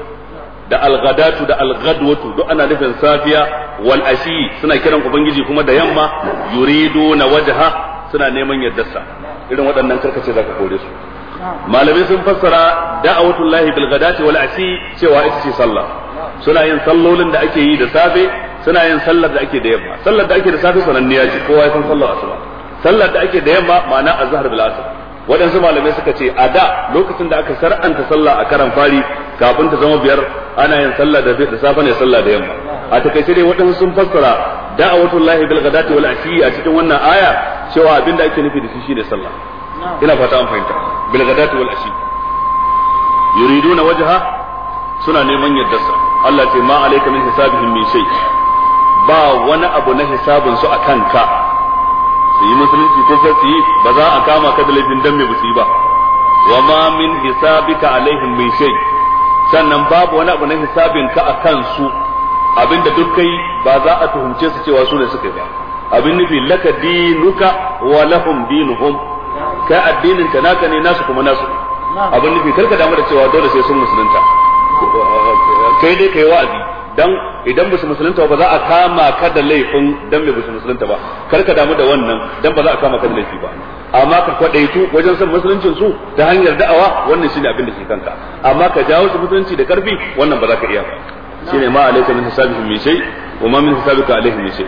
Speaker 1: da al ghadatu da al ghadwatu duk ana nufin safiya wal ashi suna kiran ubangiji kuma da yamma yuriduna wajha suna neman yardarsa irin waɗannan karkace ka kore su malamai sun fassara da'awatullahi bil ghadati wal ashi cewa ita ce sallah suna yin sallolin da ake yi da safe suna yin sallar da ake da yamma sallar da ake da safe sananniya ce kowa ya san sallar asuba sallar da ake da yamma ma'ana azhar bil asr waɗansu malamai suka ce a da lokacin da aka sar'anta sallah a karan fari kafin ta zama biyar ana yin sallah da da safe ne sallah da yamma a takaice dai waɗansu sun fassara da'awatullahi bil ghadati wal ashi a cikin wannan aya cewa abinda ake nufi da shi shine sallah ina fata an fahimta bil ghadati wal ashi yuriduna wajha suna neman yaddarsa Allah ce ma alayka min hisabihim min shay ba wani abu na hisabin su akan ka su yi musulunci ko sai su yi ba za a kama ka da laifin dan me ba ba wa ma min hisabika alaihim min shay sannan babu wani abu na hisabin ka akan su abinda duk kai ba za a tuhumce su cewa su ne suka ba abin nufi laka dinuka wa lahum dinuhum kai addinin ka naka ne nasu kuma nasu abin nufi karka damu da cewa dole sai sun musulunta kai dai kai wa'azi dan idan ba su musulunta ba za a kama ka da laifin dan bai su musulunta ba kar ka damu da wannan dan ba za a kama ka da laifi ba amma ka kwadaitu wajen san musuluncin su ta hanyar da'awa wannan shine abin da ke kanka amma ka jawo su musulunci da karfi wannan ba za ka iya ba shine ma alayka min hisabihim min shay wa ma min hisabika alaihim min shay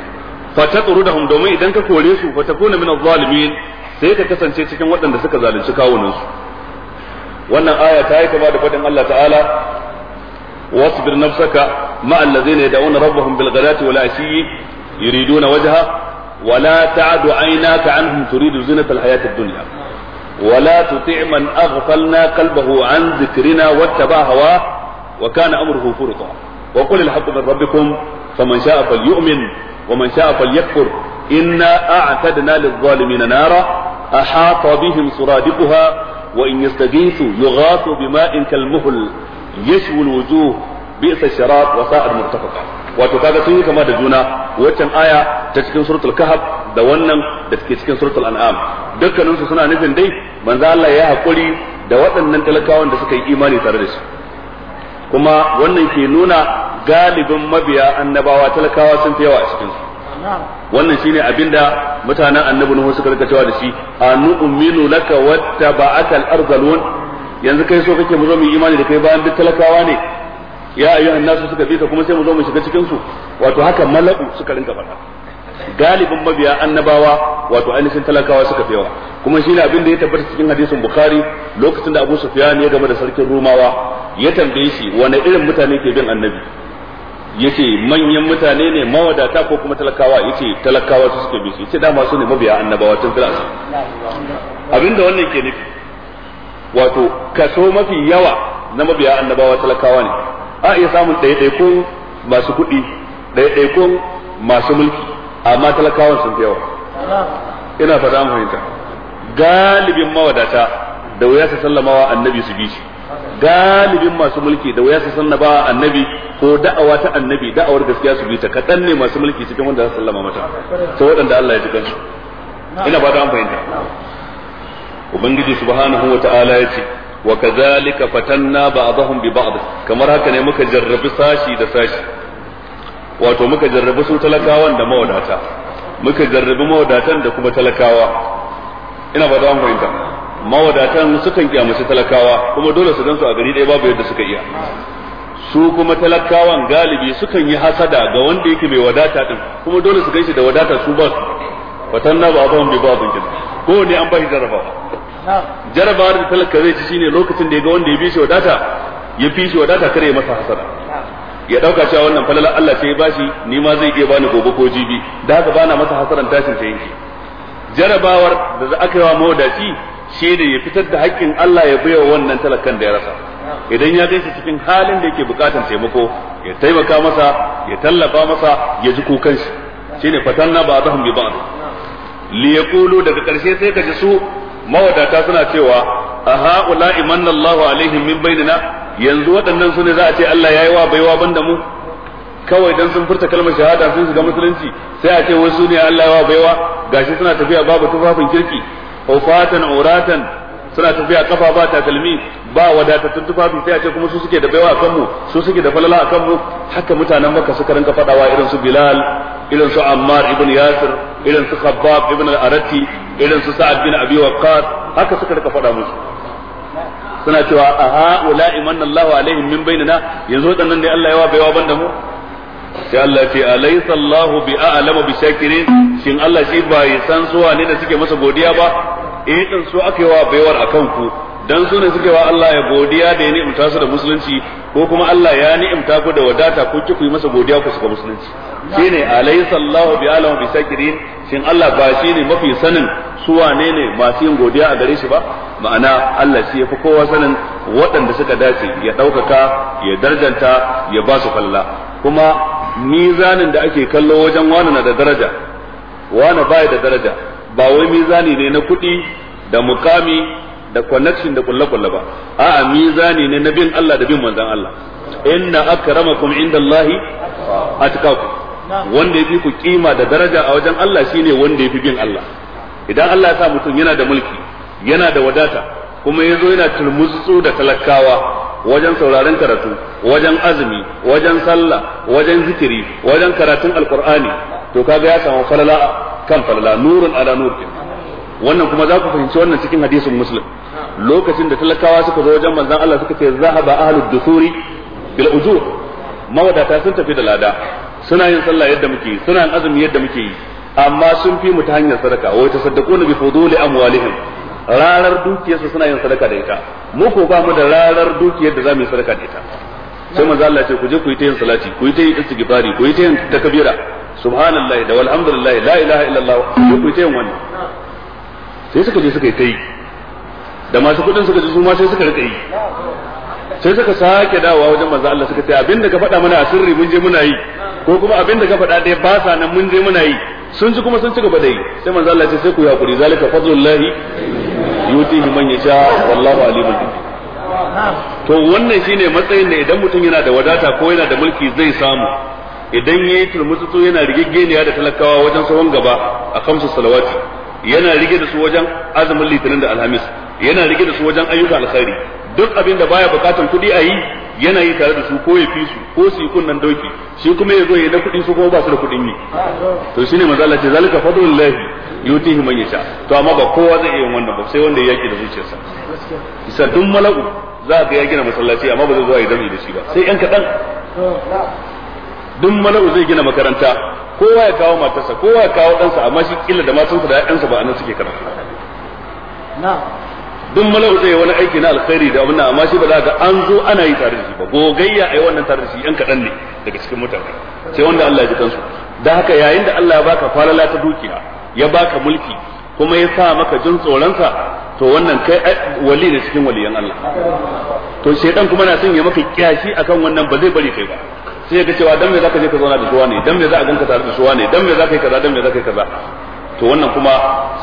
Speaker 1: fa tatrudahum domin idan ka kore su fa takuna min adh-dhalimin sai ka kasance cikin waɗanda suka zalunci kawunan su wannan aya ta yi kama da faɗin Allah ta'ala wasbir nafsaka ma allazina yad'una rabbahum bil ghadati wal ashi yuriduna wajha ولا تعد عيناك عنهم تريد زينة الحياة الدنيا ولا تطع من أغفلنا قلبه عن ذكرنا واتبع هواه وكان أمره فرطا wa qul al-haqqu min rabbikum faman sha'a falyu'min nara ahata bihim suradiquha wa in yastaghithu yughathu wato kaga sun yi kama da juna waccan aya ta cikin suratul kahf da wannan da take cikin suratul an'am dukkaninsu suna nufin dai manzo Allah ya hakuri da waɗannan talakawan da suka yi imani tare da kuma wannan ke nuna galibin mabiya annabawa talakawa sun fi yawa a cikin
Speaker 2: su
Speaker 1: wannan shine abinda mutanen annabi Nuhu suka rika cewa da shi anu umminu laka wattaba'aka al-ardhalun yanzu kai so kake mu zo mu imani da kai bayan duk talakawa ne ya ayyuhan nasu suka bi ka kuma sai mu zo mu shiga cikin su wato haka malaku suka rinka faɗa galibin mabiya annabawa wato ainihin talakawa suka fi yawa kuma shi ne abin da ya tabbata cikin hadisin bukhari lokacin da abu sufyan ya game da sarkin rumawa ya tambaye shi wani irin mutane ke bin annabi yace manyan mutane ne mawadata ko kuma talakawa yace talakawa su suke bishi yace dama su ne mabiya annabawa tun fil su abinda wannan ke nufi wato kaso mafi yawa na mabiya annabawa talakawa ne a iya samun ɗaiɗaikun masu kuɗi ɗaiɗaikun masu mulki amma talakawan sun fi yawa ina fata mu fahimta galibin mawadata da wuya su sallamawa annabi su bi shi galibin masu mulki da wuya su sallaba annabi ko da'awa ta annabi da'awar gaskiya su bi ta Kaɗan ne masu mulki cikin wanda za su sallama mata sai waɗanda Allah ya ji kansu ina ba da an fahimta ubangiji subhanahu wata'ala ya ce wa kazalika fatanna ba'dahum bi ba'd kamar haka ne muka jarrabi sashi da sashi wato muka jarrabi su talakawan da mawadata muka jarrabi mawadatan da kuma talakawa ina ba da an fahimta mawadatan sukan kyamaci talakawa kuma dole su gansu a gari ɗaya babu yadda suka iya su kuma talakawan galibi sukan yi hasada ga wanda yake mai wadata din kuma dole su gaishe da wadata su ba su na ba ban bi ban kin ko ne an bari jarabawa jarabawar da talaka zai ci shine lokacin da ya ga wanda ya bi shi wadata ya fi shi wadata kare ya masa hasada ya dauka cewa wannan falala Allah sai ya bashi ni ma zai iya bani gobe ko jibi da haka bana masa hasaran tashin sai yanki jarabawar da za aka yi wa mawadaci ne ya fitar da haƙƙin Allah ya baiwa wannan talakan da ya rasa idan ya gaishe cikin halin da yake bukatar taimako ya taimaka masa ya tallafa masa ya ji kukan shi shine fatanna zahun bi ba'd li yaqulu daga ƙarshe sai ka ji su mawadata suna cewa a ha'ula'i Allahu alaihim min bainina yanzu waɗannan su ne za a ce Allah yayi wa baiwa banda mu kawai dan sun furta kalmar shahada sun shiga musulunci sai a ce wasu ne Allah ya wa baiwa gashi suna tafiya babu tufafin kirki hufatan uratan suna tafiya kafa ba takalmi ba wadatattun tufafi sai a ce kuma su suke da baiwa a mu su suke da falala a mu haka mutanen maka suka rinka fadawa irin su bilal irin su ammar ibn yasir irin su khabbab ibn arati irin su sa'ad bin abi waqqas haka suka rinka fada musu suna cewa a ha'ula'i manna Allahu alaihim min bainana yanzu wadannan ne Allah ya wa baiwa banda mu sai Allah ce alaysa Allahu bi a'lamu bi shakirin shin Allah shi bai san suwa ne da suke masa godiya ba eh din su aka yi wa baiwar akan ku dan su ne suke wa Allah ya godiya da ya ni'imta su da musulunci ko kuma Allah ya ni'imta ku da wadata ku ki masa godiya ku suka musulunci shine alaysa Allahu bi alamu bi sakirin shin Allah ba shi ne mafi sanin su wane ne masu yin godiya a gare shi ba ma'ana Allah shi yafi kowa sanin waɗanda suka dace ya ɗaukaka ya darjanta ya ba su falla kuma mizanin da ake kallo wajen wani na da daraja wani baya da daraja ba wai mizani ne na kuɗi da mukami da connection da kulle-kulle ba a'a mizani ne na bin Allah da bin manzon Allah inna akramakum indallahi atqakum wanda yafi ku kima da daraja a wajen Allah shine wanda yafi bin Allah idan Allah ya sa mutum yana da mulki yana da wadata kuma yazo yana turmutsu da talakawa wajen sauraren karatu wajen azumi wajen sallah wajen zikiri wajen karatun alqur'ani to kaga ya samu falala kan falala nurun ala nur wannan kuma za ku fahimci wannan cikin hadisin muslim lokacin da talakawa suka zo wajen manzon Allah suka ce zahaba ahlud dusuri bil ujur mawadata sun tafi da lada suna yin sallah yadda muke yi suna yin azumi yadda muke yi amma sun fi mu ta hanyar sadaka wa tasaddaquna bi fuduli amwalihim rarar dukiyarsu suna yin sadaka da ita mu ko ba mu da rarar dukiyar da zamu yi sadaka da ita sai manzo Allah ce ku je ku yi ta yin salati ku yi ta yin istighfari ku yi ta yin takbira subhanallahi da walhamdulillahi la ilaha illallah ku kuce ta yin wannan sai suka je suka yi ta yi da masu kudin suka ji su ma sai suka rika yi sai suka sake dawowa wajen manzo Allah suka ce abinda ka faɗa mana a sirri mun je muna yi ko kuma abinda ka faɗa dai ba sa nan mun je muna yi sun ji kuma sun ci gaba da yi sai manzo Allah ce sai ku yi hakuri zalika fadlullahi yutihi man yasha wallahu alimul to wannan shine matsayin da idan mutum yana da wadata ko yana da mulki zai samu idan yayi turmutsutsu yana rigaggeniya da talakawa wajen sahun gaba a kamsu salawati yana rige da su wajen azumin litinin da alhamis yana rige da su wajen ayyukan alkhairi duk abin da baya bukatan kudi a yi yana yi tare da su ko ya fi su ko su yi kunnan doki shi kuma ya zo ya da kuɗi su kuma ba su da kuɗin yi to shine manzo ce zalika fadlullah yutihi man yasha to amma ba kowa zai iya wannan ba sai wanda ya da zuciyarsa isa duk malaku za ga ya gina masallaci amma ba zai zo ya dami da shi ba sai yan kaɗan duk mala'u zai gina makaranta kowa ya kawo matarsa kowa ya kawo ɗansa amma shi kila da matansa da ƴaƴansa ba anan suke karatu duk mala'u zai wani aiki na alkhairi da abin amma shi ba za ga an zo ana yi tare da shi ba gogayya a yi wannan tare da shi yan kaɗan ne daga cikin mutane sai wanda Allah ya ji kansu da haka yayin da Allah ya baka falala ta dukiya ya baka mulki kuma ya sa maka jin tsoronsa to wannan kai wali ne cikin waliyan Allah to shaidan kuma na son ya maka kyashi akan wannan ba zai bari kai ba sai ka cewa dan me zaka je ka zauna da shuwa ne dan me za a ganka tare da shuwa ne dan me zaka yi kaza dan me zaka yi kaza to wannan kuma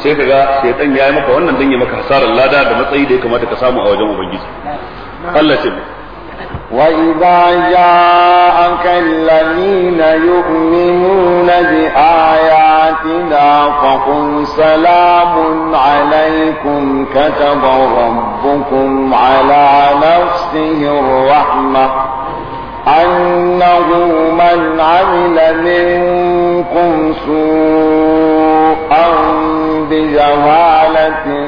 Speaker 1: sai ka ga shaytan yayi maka wannan dan ya maka hasarar lada da matsayi da ya kamata ka samu a wajen ubangiji Allah ce وإذا جاءك
Speaker 3: الذين يؤمنون بآياتنا فقل سلام عليكم كتب ربكم على نفسه الرحمة أنه من عمل منكم سوءا بجهالة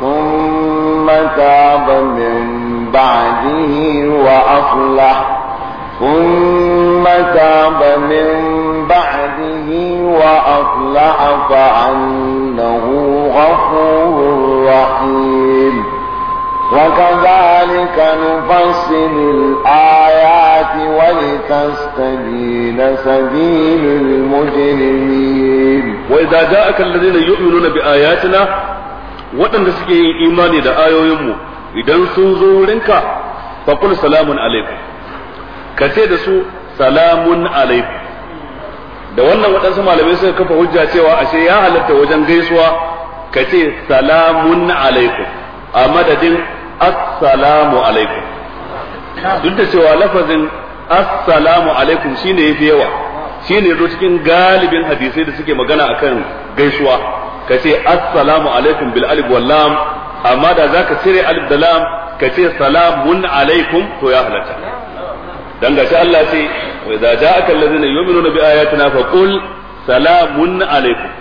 Speaker 3: ثم تاب من بعده وأصلح ثم تاب من بعده وأصلح فأنه غفور رحيم وكذلك نفصل الآيات ولتستبين
Speaker 1: سبيل المجرمين وإذا جاءك الذين يؤمنون بآياتنا وطن تسكي إيماني دا آيو يمو إذن sun zo wurinka faƙul salamun alaikum ka ce da su salamun alaikum da wannan waɗansu malamai suka kafa hujja cewa ashe ya halatta wajen gaisuwa ka ce salamun alaikum a madadin assalamu alaikum duk da cewa lafazin assalamu alaikum shine yafi yawa shine zo cikin galibin hadisai da suke magana akan gaisuwa ka ce assalamu alaikum bil alif wal lam amma da zaka cire alif da lam ka ce salamun alaikum to ya halatta dan gashi Allah ce wa idza ja'aka alladhina yu'minuna bi ayatina faqul salamun alaikum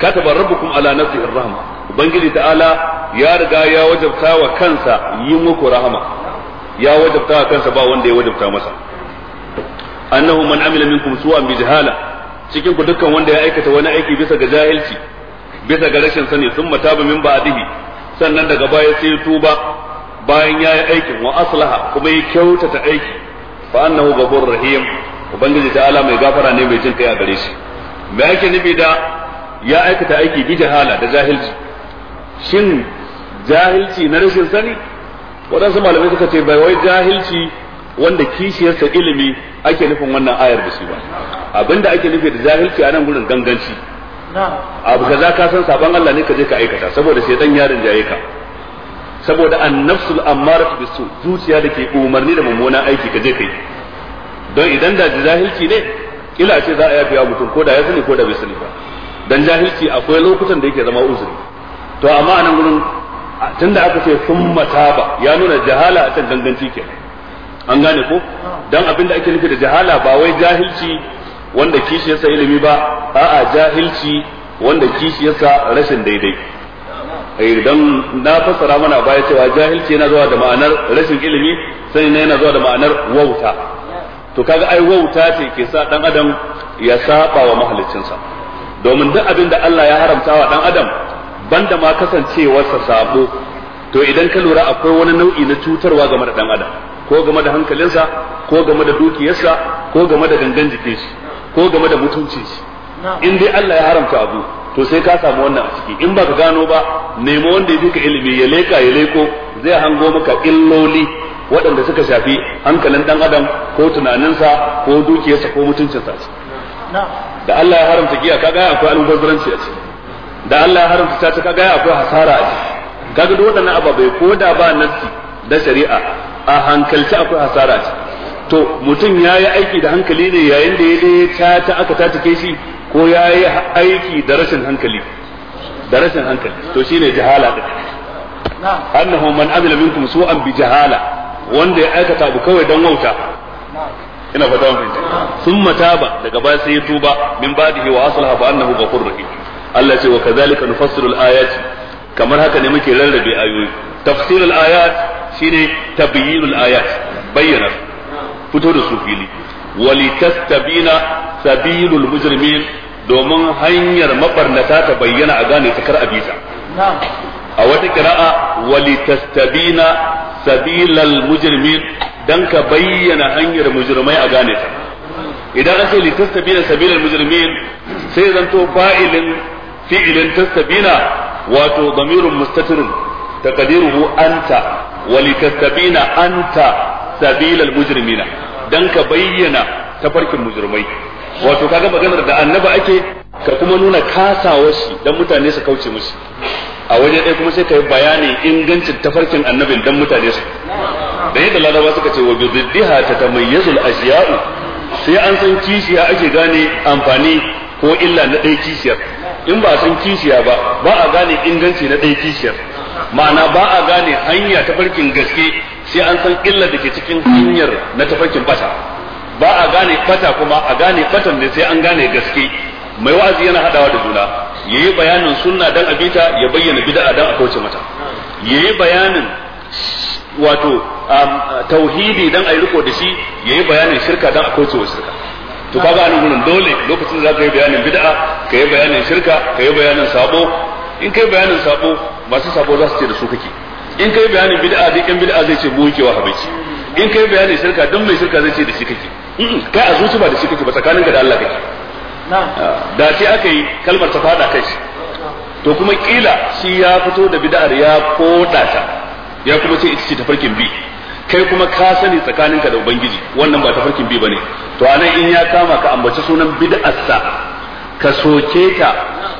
Speaker 1: kataba rabbukum ala nafsihi rahmah ubangiji ta'ala ya riga ya wajabta wa kansa yi muku rahama ya wajabta wa kansa ba wanda ya wajabta masa annahu man amila minkum su'an bi jahala cikin ku dukkan wanda ya aikata wani aiki bisa ga jahilci bisa ga rashin sani sun mata mataba min ba'dihi sannan daga baya sai ya tuba bayan ya yi aikin wa aslaha kuma ya kyautata aiki fa annahu ghafurur rahim ubangiji ta'ala mai gafara ne mai jin kai a gare shi me ake nufi da ya aikata aiki bi jahala da jahilci shin jahilci na rashin sani waɗansu malamai suka ce bai wai jahilci wanda kishiyarsa ilimi ake nufin wannan ayar da shi ba abinda ake nufi da jahilci a nan gurin ganganci abu za ka san sabon Allah ne ka je ka aikata saboda sai dan yarin jaye ka saboda nafsul ammarat bisu zuciya da ke umarni da mummunan aiki ka je kai don idan da jahilci ne kila ce za a yafe mutum ko da ya sani ko da bai sani ba dan jahilci akwai lokutan da yake zama uzuri to amma anan gurin tunda aka ce sun mataba ya nuna jahala a can danganci ke. an gane ko dan abinda ake nufi da jahala ba wai jahilci wanda kishi yasa ilimi ba a jahilci wanda kishi yasa rashin daidai eh, don na fassara mana baya cewa jahilci yana zuwa da ma'anar rashin ilimi sai na yana zuwa da ma'anar wauta to kaga ai wauta ce ke sa dan adam ya saba wa mahaliccinsa domin duk abin da Allah ya haramta wa dan adam banda ma kasancewarsa sabo to idan ka lura akwai wani nau'i na cutarwa game da dan adam ko game da hankalinsa ko game da dukiyarsa ko game da gangan jikin shi ko game da mutunci shi in dai Allah ya haramta abu to sai ka samu wannan a ciki in baka gano ba nemo wanda ya ka ilimi ya leka ya leko zai hango maka illoli waɗanda suka shafi hankalin dan adam ko tunaninsa ko dukiyarsa ko mutuncinsa da Allah ya haramta giya kaga akwai almubazzaranci a ciki da Allah ya haramta ta kaga akwai hasara a ciki kaga duk waɗannan ababai ko da ba nassi da shari'a a hankalci akwai hasara a ciki to mutum ya yi aiki da hankali ne yayin da ya dai ta aka ta take shi ko ya yi aiki da rashin hankali da rashin hankali to shine jahala din annahu man amila minkum su'an bi jahala wanda ya aikata abu kawai dan wauta ina fata mun fahimta summa taba daga baya sai ya tuba min badihi wa aslaha fa annahu ghafurur rahim Allah ce wa kazalika nufassilu al kamar haka ne muke rarrabe ayoyi tafsirul ayat shine tabyinul ayat bayyana fito da su fili walitastabina sabilul mujrimin domin hanyar mabarnata ta bayyana a gane ta kar abisa
Speaker 2: a wata kira'a
Speaker 1: walitastabina sabilal mujrimin dan ka bayyana hanyar mujrimai a gane ta idan an ce litastabina sabilal mujrimin sai zanto fa'ilin fi'ilin tastabina wato damirun mustatirun taqdiruhu anta wa litastabina anta sabilal mujrimina dan ka bayyana tafarkin mujrimai wato kaga maganar da annaba ake ka kuma nuna kasawar shi dan mutane su kauce mushi a waje ɗaya kuma sai ka yi bayanin ingancin tafarkin annabin dan mutane su da yadda laraba suka ce wa bi ziddiha tatamayyazu al-ashya'u sai an san kishiya ake gane amfani ko illa na ɗaya kishiyar in ba sun kishiya ba ba a gane inganci na ɗaya kishiyar ma'ana ba a gane hanya ta farkin gaske sai an san illar da ke cikin hanyar na ta farkin bata ba a gane bata kuma a gane fatan ne sai an gane gaske mai wa'azi yana hadawa da juna yayi bayanin sunna dan abita ya bayyana bid'a dan a mata yayi bayanin wato um, tauhidi dan ayi riko da shi yayi bayanin shirka dan a kauce wa shirka to kaga anan gurin dole lokacin da ka yi bayanin bid'a ka yi bayanin shirka ka yi bayanin sabo in kai bayanin sabo masu sabo za su ce da su kake in kai bayanin bid'a duk in bid'a zai ce mu yake wa habaici in kai bayanin shirka dan mai shirka zai ce da shi kake kai a zuci ba da shi kake ba tsakaninka da Allah kake ah, da ce aka yi kalmar ta fada kai to kuma kila shi ya fito da bid'ar ya koda ta ya kuma ce ita ce tafarkin bi kai kuma ka sani ka da ubangiji wannan ba tafarkin bi bane to anan in ya kama ka ambaci sunan bid'arsa ka soke ta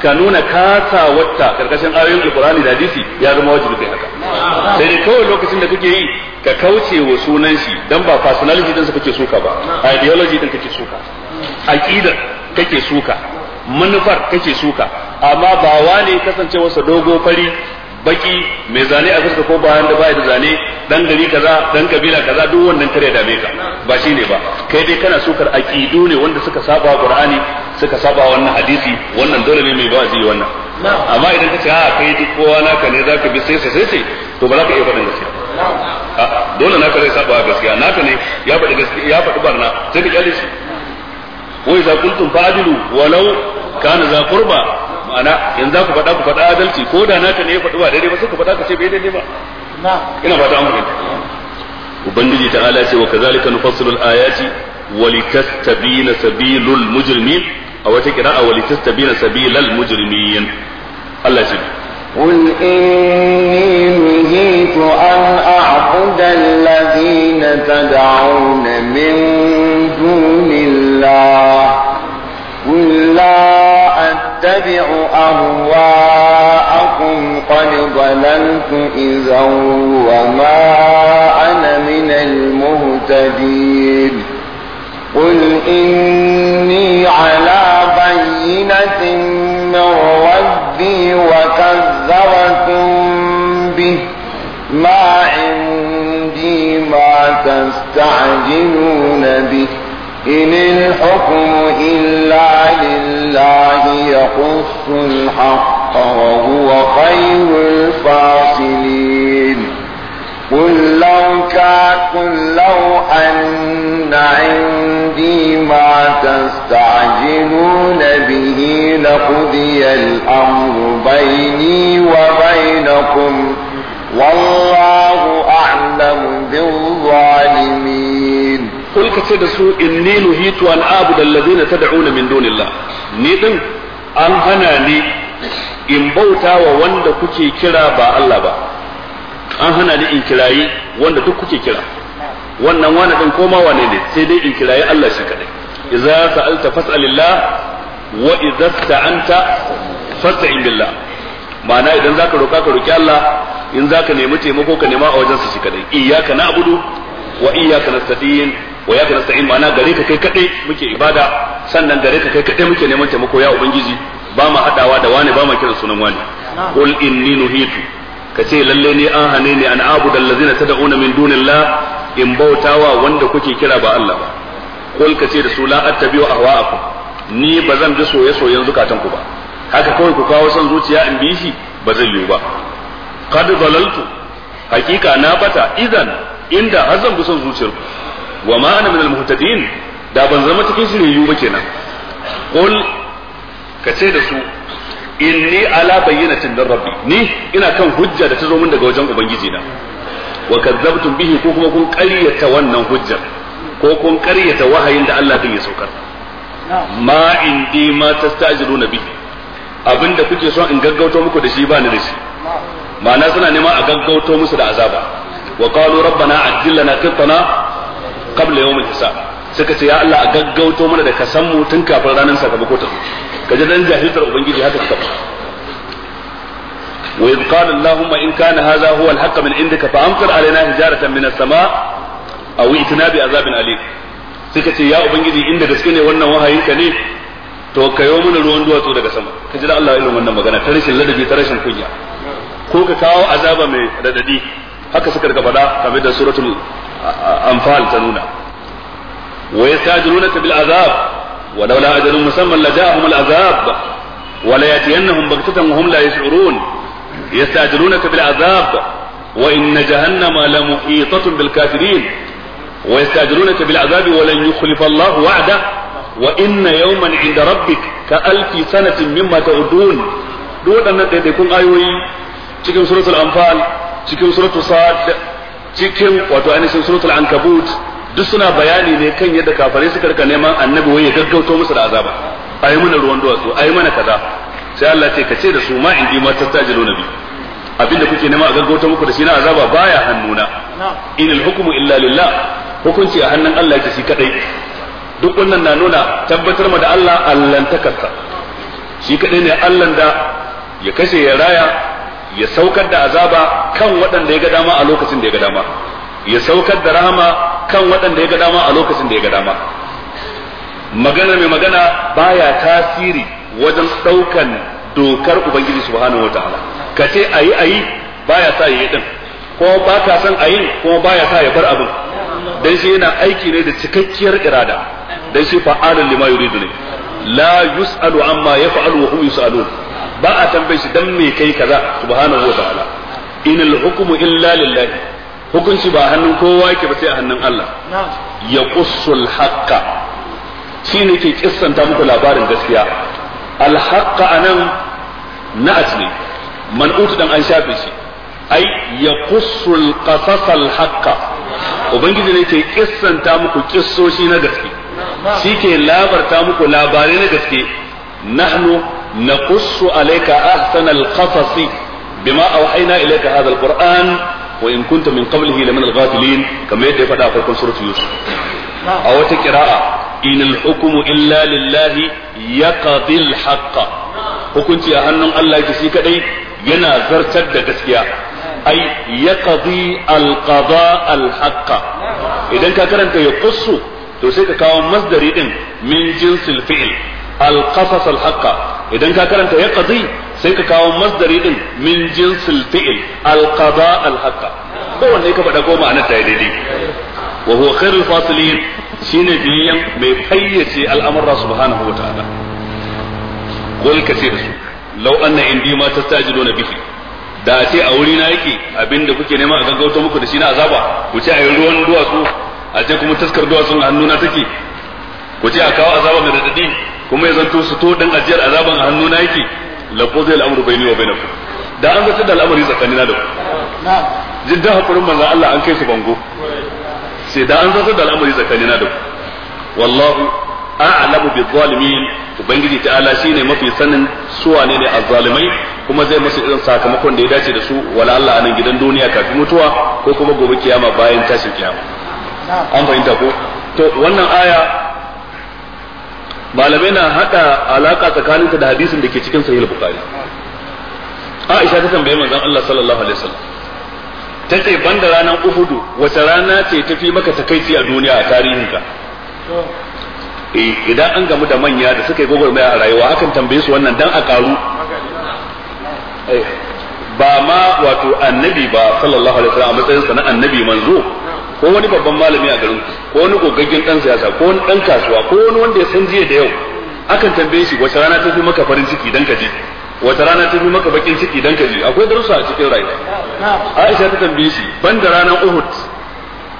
Speaker 1: ka nuna kasa wata karkashin ayoyin alkurani da hadisi ya zama wajibi kai haka sai dai kawai lokacin da kake yi ka kauce wa sunan shi dan ba personality din sa kake suka ba ideology din kake suka aqida kake suka manufar kake suka amma ba wane kasancewarsa dogo fari baki mai zane a fuska ko bayan da ba da zane dan gari kaza dan kabila kaza duk wannan tare da meka ba shine ba kai dai kana sukar aqidu ne wanda suka saba qur'ani suka saba wannan hadisi wannan dole ne mai bazi wannan amma idan ka ce a kai duk kowa naka ne zaka bi sai sai sai to ba za ka iya faɗin gaskiya dole naka zai saba gaskiya naka ne ya faɗi gaskiya ya faɗi barna sai ka kyale shi wai za kuntum fa'dilu walau kana za qurba ma'ana yanzu ku faɗa ku faɗa adalci ko da na ta ne ya faɗi ba daidai ba sai ku faɗa ka ce bai daidai ba ina fata an fahimta ubangiji ta ala ce wa kazalika nufassilu al-ayati wa litastabina sabilul mujrimin a wata qira'a wa litastabina sabilal mujrimin Allah ce
Speaker 3: قل إني نهيت أن أعبد الذين تدعون من دون الله أهواءكم قد ضللت إذا وما أنا من المهتدين قل إني على بينة من ربي وكذبتم به ما عندي ما تستعجلون به إن الحكم إلا لله يقص الحق وهو خير الفاصلين قل لو كان قل لو أن عندي ما تستعجلون به لقضي الأمر بيني وبينكم والله أعلم
Speaker 1: بالظالمين ka ce da su inni nuhitu an abuda allazina tad'una min dunillah ni din an hana ni in bauta wa wanda kuke kira ba Allah ba an hana ni in kirayi wanda duk kuke kira wannan wani din koma wane ne sai dai in kirayi Allah shi kadai idza sa'alta fas'alillah wa idza sta'anta fasta'in billah ma'ana idan zaka roka ka roki Allah in zaka nemi taimako ka nema a wajensa shi kadai iyyaka na'budu wa iyyaka nasta'in wa ya sa'in ma'ana gare ka kai kaɗai muke ibada sannan gare ka kai kaɗai muke neman taimako ya ubangiji ba ma hadawa da wani ba ma kiran sunan wani qul inni nuhitu kace lalle ne an hane ne an abuda allazina tad'una min dunillah in bautawa wanda kuke kira ba Allah ba qul kace da su la attabi'u ahwa'akum ni ba zan bi soye soyen zukatan ku ba haka kawai ku kawo son zuciya in bi shi ba zan yiwu ba qad dalaltu hakika na bata idan inda har zan bi son zuciyarku wa ma ana minal da ban zama cikin yiwu ba kenan qul ka ce da su inni ala bayyinatin min rabbi ni ina kan hujja da ta zo min daga wajen ubangiji na wa kadzabtum bihi ko kuma kun ƙaryata wannan hujjar ko kun ƙaryata wahayin da Allah din ya saukar ma indi ma tastajiruna bihi abinda kuke so in gaggauto muku da shi ba ni da ma'ana suna nema a gaggauto musu da azaba wa qalu rabbana ajil lana qitana qabla yawm hisab suka ce ya Allah a gaggauto mana da ka san mu tun kafin ranar sakamako ta kaje dan jahiltar ubangiji haka suka wa idh qala allahumma in kana hadha huwa al-haqq min indika fa amtir alaina hijaratan min as-sama' aw itina bi azabin alim suka ce ya ubangiji inda gaske ne wannan wahayin ka ne to kayo mana ruwan duwatsu daga sama kaji da Allah irin wannan magana ta rashin ladabi ta rashin kunya ko ka kawo azaba mai radadi haka suka rika faɗa kamar da suratul أنفال تنونا ويستعجلونك بالعذاب ولولا أجل مسمى لجاءهم العذاب وليأتينهم بغتة وهم لا يشعرون يستعجلونك بالعذاب وإن جهنم لمحيطة بالكافرين ويستعجلونك بالعذاب ولن يخلف الله وعده وإن يوما عند ربك كألف سنة مما تعدون دون أن تكون آيوي تكون سورة الأنفال تكون سورة الصاد cikin wato ainihin suratul ankabut duk suna bayani ne kan yadda kafare suka rika neman annabi wai ya gaggauto musu da azaba ayi mana ruwan duwatsu ayi mana kaza sai Allah ce kace da su ma in ji ma tattajilu nabi abinda kuke nema a gaggauto muku da shi na azaba baya hannuna inal hukmu illa lillah hukunci a hannun Allah yake shi kadai duk wannan na nuna tabbatar mu da Allah allantakarsa shi kadai ne Allah da ya kashe ya raya ya saukar da azaba kan waɗanda ya ga dama a lokacin da ya ga dama ya saukar da rahama kan waɗanda ya ga dama a lokacin da ya ga dama magana mai magana baya tasiri wajen ɗaukan dokar ubangiji subhanahu wataala ka ce ayi ayi baya sa yi din ko ba ka san ayin ko baya sa ya bar abin dan shi yana aiki ne da cikakkiyar irada dan shi fa'alun lima yuridu ne la yus'alu amma yaf'alu wa hum yus'alun ba a tambaye shi dan me kai kaza subhanahu wataala inal hukmu illa lillah hukunci ba hannun kowa yake ba sai a hannun Allah ya qussul haqqa shine ke kissanta muku labarin gaskiya al haqqa anan na asli man'ut dan an shafe shi ai ya qussul qasas al haqqa ubangiji ne ke kissanta muku kissoshi na gaske shi ke labarta muku labarai na gaske nahnu naqussu alayka ahsanal qasasi bima awhayna ilayka hadha alquran wa in min qablihi lamin alghafilin kamar yadda ya faɗa a farkon a wata qira'a in alhukmu illa hukunci a hannun Allah yake shi yana zartar da gaskiya ai yaqdi alqada alhaqqa idan to sai ka kawo masdari fi'il idan ka karanta sai ka kawo masdari din min jinsil fi'il alqada alhaqa kowanne ka faɗa goma anan ta daidai wa huwa khairul fasilin shine biyan mai fayyace al'amura subhanahu wa ta'ala qul ka su law anna indi ma na bihi da ce a wuri na yake abinda kuke nema a gaggauta muku da shi na azaba ku ce a yi ruwan duwatsu a ce kuma taskar duwatsun a hannuna take ku ce a kawo azaba mai radadi kuma ya zanto su to dan ajiyar azaban a hannuna yake lafuzi bai baini bai bainakum da an zartar da al'amari tsakanina da
Speaker 2: ku
Speaker 1: jiddan hakurin manzon Allah an kai su bango sai da an zartar da al'amari tsakanina da ku wallahu a'lamu bi zalimi ubangiji ta'ala shine mafi sanin suwa ne ne azzalimai kuma zai musu irin sakamakon da ya dace da su wala Allah anan gidan duniya kafin mutuwa ko kuma gobe kiyama bayan tashin kiyama an fahimta ko to wannan aya malamai na haɗa alaka tsakaninsa da hadisin da ke cikin sahih bukhari Aisha ta tambaye manzon Allah sallallahu alaihi wasallam ta ce banda ranar Uhudu wace rana ce ta fi maka takaici a duniya a tarihin tarihinka eh, idan an gamu da manya da suka yi gwagwarmaya a rayuwa akan tambaye su wannan dan a karu eh, ba ma wato annabi ba sallallahu alaihi wasallam a matsayin sa na annabi manzo ko wani babban malami a garin ko wani gogaggen dan siyasa ko wani dan kasuwa ko wani wanda ya san jiya da yau akan tambaye shi wace rana ta fi maka farin ciki dan ka ji. wata rana ta fi maka bakin ciki dan ka ji. akwai darussa a cikin rayuwa Aisha ta tambaye shi ban da ranar Uhud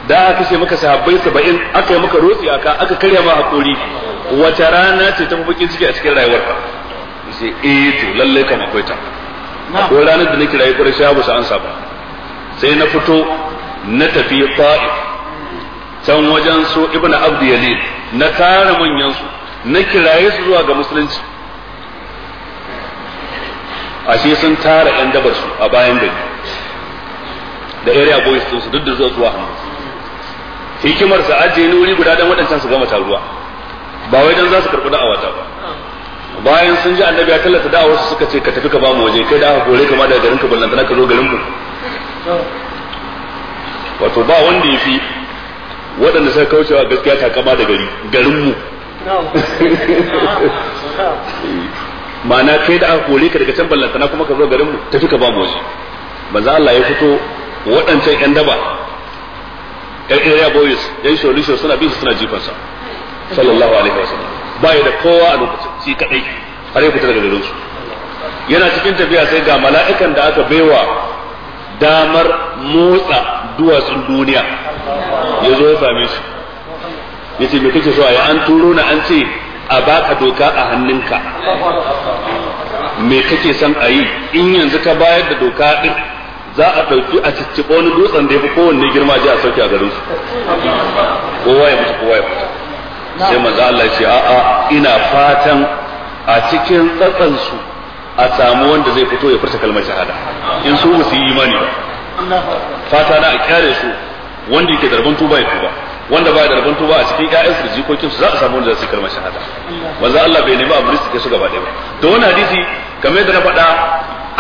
Speaker 1: da aka ce maka sahabbai ba'in, aka yi maka rotsi aka aka karya ma hakuri wata rana ce ta fi bakin ciki a cikin rayuwarka sai eh to lalle kan akwai ta akwai ranar da nake rayuwar ƙurashi ba sa ansa ba sai na fito na tafi ta'if can wajen su ibn abd yalil na tara manyan su na kiraye su zuwa ga musulunci ashe sun tara yan dabar su a bayan gari da area boys sun su duk da zuwa zuwa hannu hikimar sa aje ni wuri guda dan waɗancan su gama taruwa ba wai dan za su karɓi da'awa ta ba bayan sun ji annabi ya tallata da'awar su suka ce ka tafi ka ba mu waje kai da aka kore kama daga garin ka ballantana ka zo garin mu wato ba wanda ya fi waɗanda suka kaucewa gaskiya ta kama da gari garin mu ma'ana kai da aka kore ka daga can ballantana kuma ka zo garin mu tafi ka ba mu waje za Allah ya fito waɗancan ƴan daba ƴan area boys ƴan sholisho suna bin suna jifansa sallallahu alaihi wasallam ba ya da kowa a lokacin shi kadai har ya fita daga garin su yana cikin tafiya sai ga mala'ikan da aka baiwa damar motsa duwatsun duniya ya zo ya same shi ya ce me kake so a yi an turo na an ce a baka doka a hannunka me kake son a yi in yanzu ka bayar da doka din za a ɗauki a cicciɓa wani dutsen da ya fi kowanne girma ji a sauke a garin su kowa ya mutu kowa ya mutu. sai manzo Allah ce a'a ina fatan a cikin tsatsan su a samu wanda zai fito ya furta kalmar shahada in su musu yi imani ba
Speaker 2: fata na a kyare
Speaker 1: su wanda yake darban tuba ya tuba wanda baya darban tuba a cikin ƴaƴansu da jikokin su za a samu wanda za su kalmar shahada
Speaker 2: manzo Allah bai nemi abu riski
Speaker 1: su gaba ɗaya ba to wannan hadisi kamar yadda na faɗa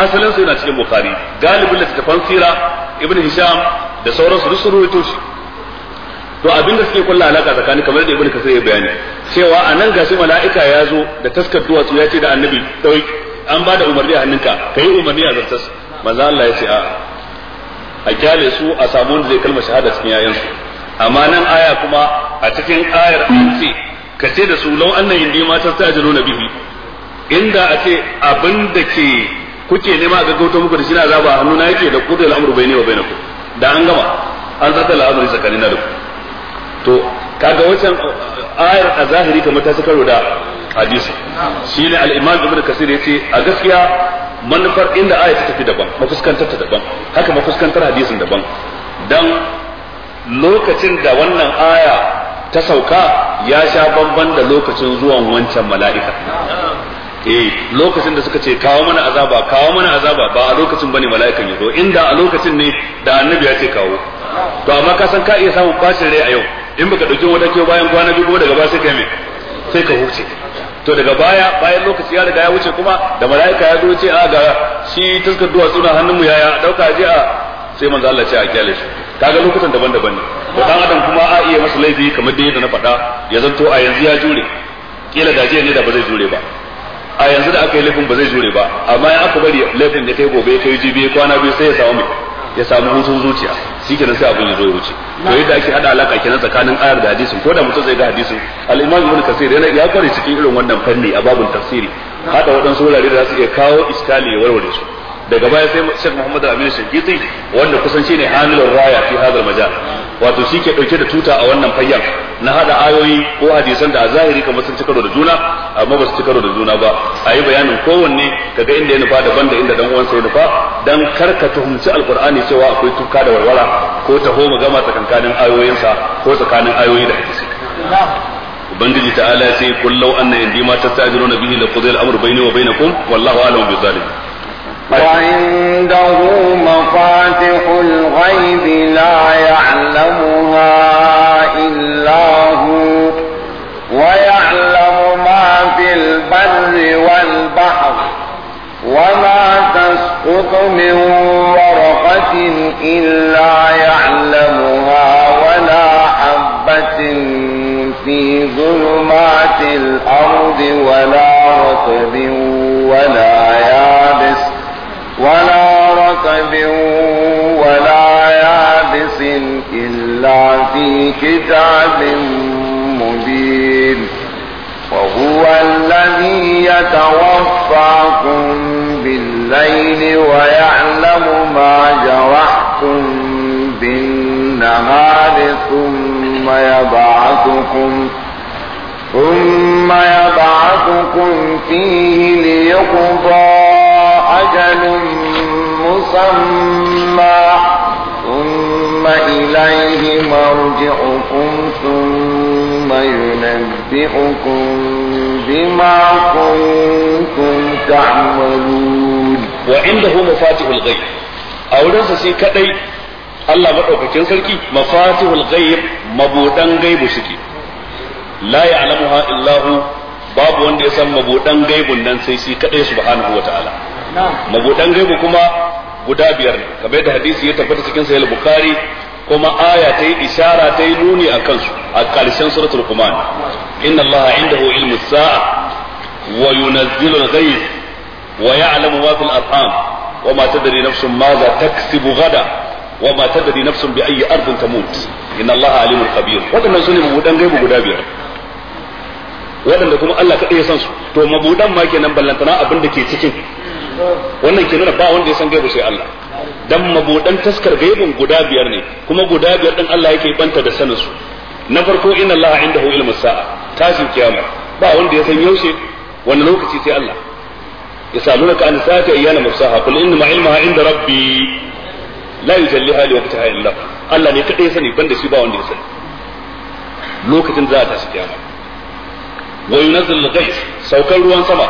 Speaker 1: asalin su yana cikin bukhari galibin littafan sira ibnu hisham da sauransu duk sun ruwaito shi to abinda suke kulla alaka tsakanin kamar da ibnu kasir ya bayani cewa a nan gashi mala'ika ya zo da taskar duwatsu ya ce da annabi an ba da umarni a hannunka kai umarni a zartas manzo Allah ya ce a'a a kyale su a samu wanda zai kalma shahada cikin yayansu amma nan aya kuma a cikin ayar an ce ka ce da su lau annan indi ma ta tajiru na bibi inda a ce abin da ke kuke nema ga gautar muku da shi na zaba hannu na yake da kudin al'amuru bai ne wa bai na ku da an gama an zata al'amuri tsakanin na da ku to kaga wancan uh, ayar a zahiri kamar ta karo da hadisi shine al-imam ibnu kasir yace a gaskiya manufar inda aya ta tafi daban mafuskantar ta daban haka mafuskantar hadisin daban dan lokacin da wannan aya ta sauka ya sha bamban da lokacin zuwan wancan mala'ika eh lokacin da suka ce kawo mana azaba kawo mana azaba ba a lokacin bane mala'ikan ya zo inda a lokacin ne da annabi ya ce kawo to amma ka san ka iya samun bashin rai a yau in baka dauki wata ke bayan kwana biyu daga ba sai kai me sai ka huce to daga baya bayan lokaci ya riga ya wuce kuma da mala'ika ya zo ce a ah, ga shi tuskar duwatsu suna hannunmu yaya dauka je a sai manzo Allah ce a kyale shi kaga lokutan daban-daban ne to dan adam kuma a iya masa laifi kamar da yadda na faɗa ya zanto a yanzu ya jure kila da jiya ne da ba zai jure ba a yanzu da aka yi laifin ba zai jure ba amma ya aka bari laifin da kai gobe kai jibi kwana biyu sai ya samu ya samu hutun zuciya shikenan sai abin ya zo ya wuce to yadda ake hada alaka kenan tsakanin ayar da hadisin ko da mutum zai ga hadisin al-imam ibn kasir yana ya kware cikin irin wannan fanni a babun tafsiri hada waɗansu wurare da za su iya kawo iskali ya warware su daga baya sai Sheikh Muhammad Aminu Shankiti wanda kusan ne hamilul raya fi hadal majal wato shi ke ɗauke da tuta a wannan fayyan na hada ayoyi ko hadisan da a zahiri kamar sun ci karo da juna amma ba su ci karo da juna ba a yi bayanin kowanne kaga inda ya nufa daban da inda dan uwansa ya nufa dan karka tuhumci alqur'ani cewa akwai tuka da warwara ko ta homa gama tsakankanin ayoyinsa ko tsakanin ayoyi da hadisi ubangiji ta'ala sai kullau anna indi ma tastajiruna bihi la qudil amru bayni wa bainakum wallahu a'lamu bi zalimin
Speaker 3: وعنده مفاتح الغيب لا يعلمها إلا هو ويعلم ما في البر والبحر وما تسقط من ورقة إلا يعلمها ولا حبة في ظلمات الأرض ولا رطب ولا ولا ركب ولا يابس إلا في كتاب مبين وهو الذي يتوفاكم بالليل ويعلم ما جرحتم بالنهار ثم يبعثكم ثم يبعثكم فيه ليقضى أجل مسمى ثم إليه مرجعكم ثم ينبئكم بما كنتم تعملون
Speaker 1: وعنده مفاتح الغيب أولا سيكتي Allah maɗaukakin sarki mafatihul ghaib mabudan gaibu suke la ya'lamuha illahu babu wanda ya san mabudan gaibun nan sai shi kadai subhanahu wata'ala mabudan gaibu kuma guda biyar ne kamar yadda hadisi ya tabbata cikin sahih bukhari kuma aya ta yi ishara ta yi nuni a kansu a ƙarshen suratul kuman inna allaha indahu ilmu sa'a wa yunazzilu al-ghayth wa ya'lamu ma fil arham wa ma tadri nafsun ma za taksibu gada wa ma tadri nafsun bi ayyi ardin tamut inna allaha alimul khabir wadannan sune mabudan gaibu guda biyar waɗanda kuma Allah kaɗai ya san su to mabudan ma kenan ballantana abin da ke cikin wannan ke nuna ba wanda ya san gaibu sai Allah dan mabudan taskar gaibun guda biyar ne kuma guda biyar din Allah yake banta da sanin su na farko inna Allah indahu ilmu sa'a tashin kiyama ba wanda ya san yaushe wani lokaci sai Allah Ya ka an sa'ati ayyana mursaha qul inna ilmaha inda rabbi la yujalliha li waqtiha illa Allah ne kadai sani banda shi ba wanda ya sani lokacin za ta tashi kiyama wa yunazzil ghais saukar ruwan sama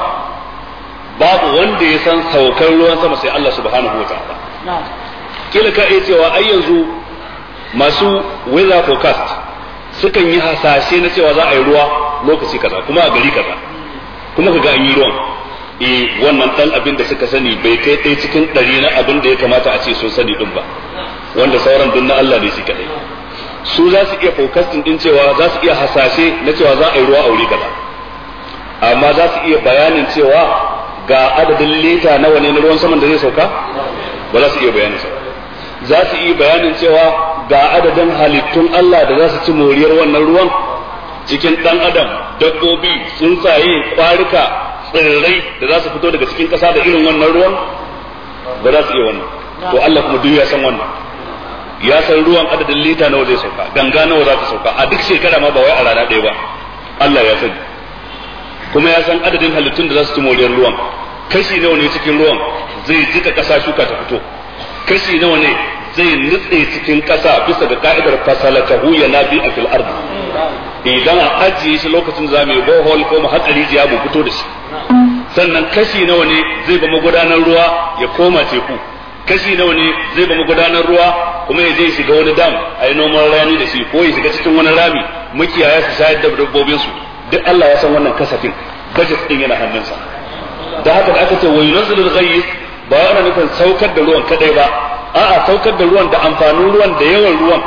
Speaker 1: babu wanda ya san saukar ruwan sama sai Allah subhanahu wataala kila ka iya cewa ai yanzu masu weather forecast sukan yi hasashe na cewa za a yi ruwa lokaci kaza kuma a gari kaza kuma ka ga an yi ruwan eh wannan dan abin da suka sani bai kai ɗaya cikin ɗari na abin da ya kamata a ce sun sani din ba wanda sauran dun na Allah ne shi kadai su za su iya forecasting din cewa za su iya hasashe na cewa za a yi ruwa a wuri kaza amma za su iya bayanin cewa ga adadin lita nawa ne na ruwan saman da zai sauka ba za su iya bayanin sa za su iya bayanin cewa ga adadin halittun Allah da za su ci moriyar wannan ruwan cikin dan adam dabbobi tsuntsaye kwarika tsirrai da za su fito daga cikin ƙasa da irin wannan ruwan ba za su iya wannan to Allah kuma duk ya san wannan ya san ruwan adadin lita nawa zai sauka ganga nawa za ta sauka a duk shekara ma ba wai a rana ɗaya ba Allah ya sani kuma ya san adadin halittun da za su ci moriyar ruwan kashi nawa ne cikin ruwan zai jika kasa shuka ta fito kashi nawa ne zai nutse cikin kasa bisa ga ka'idar fasala huya na biyu a fil ardi idan a ajiye shi lokacin za mu yi bohol ko mu hatsari rijiya mu fito da shi sannan kashi nawa ne zai ba magudanar ruwa ya koma teku kashi nawa ne zai ba magudanar ruwa kuma ya je shiga wani dam a yi noman rani da shi ko ya shiga cikin wani rami makiyaya su shayar da dabbobinsu duk Allah ya san wannan kasafin budget din yana hannunsa da haka da aka ce wa yunzilul ghayth ba yana nufin saukar da ruwan kadai ba a'a saukar da ruwan da amfanin ruwan da yawan ruwan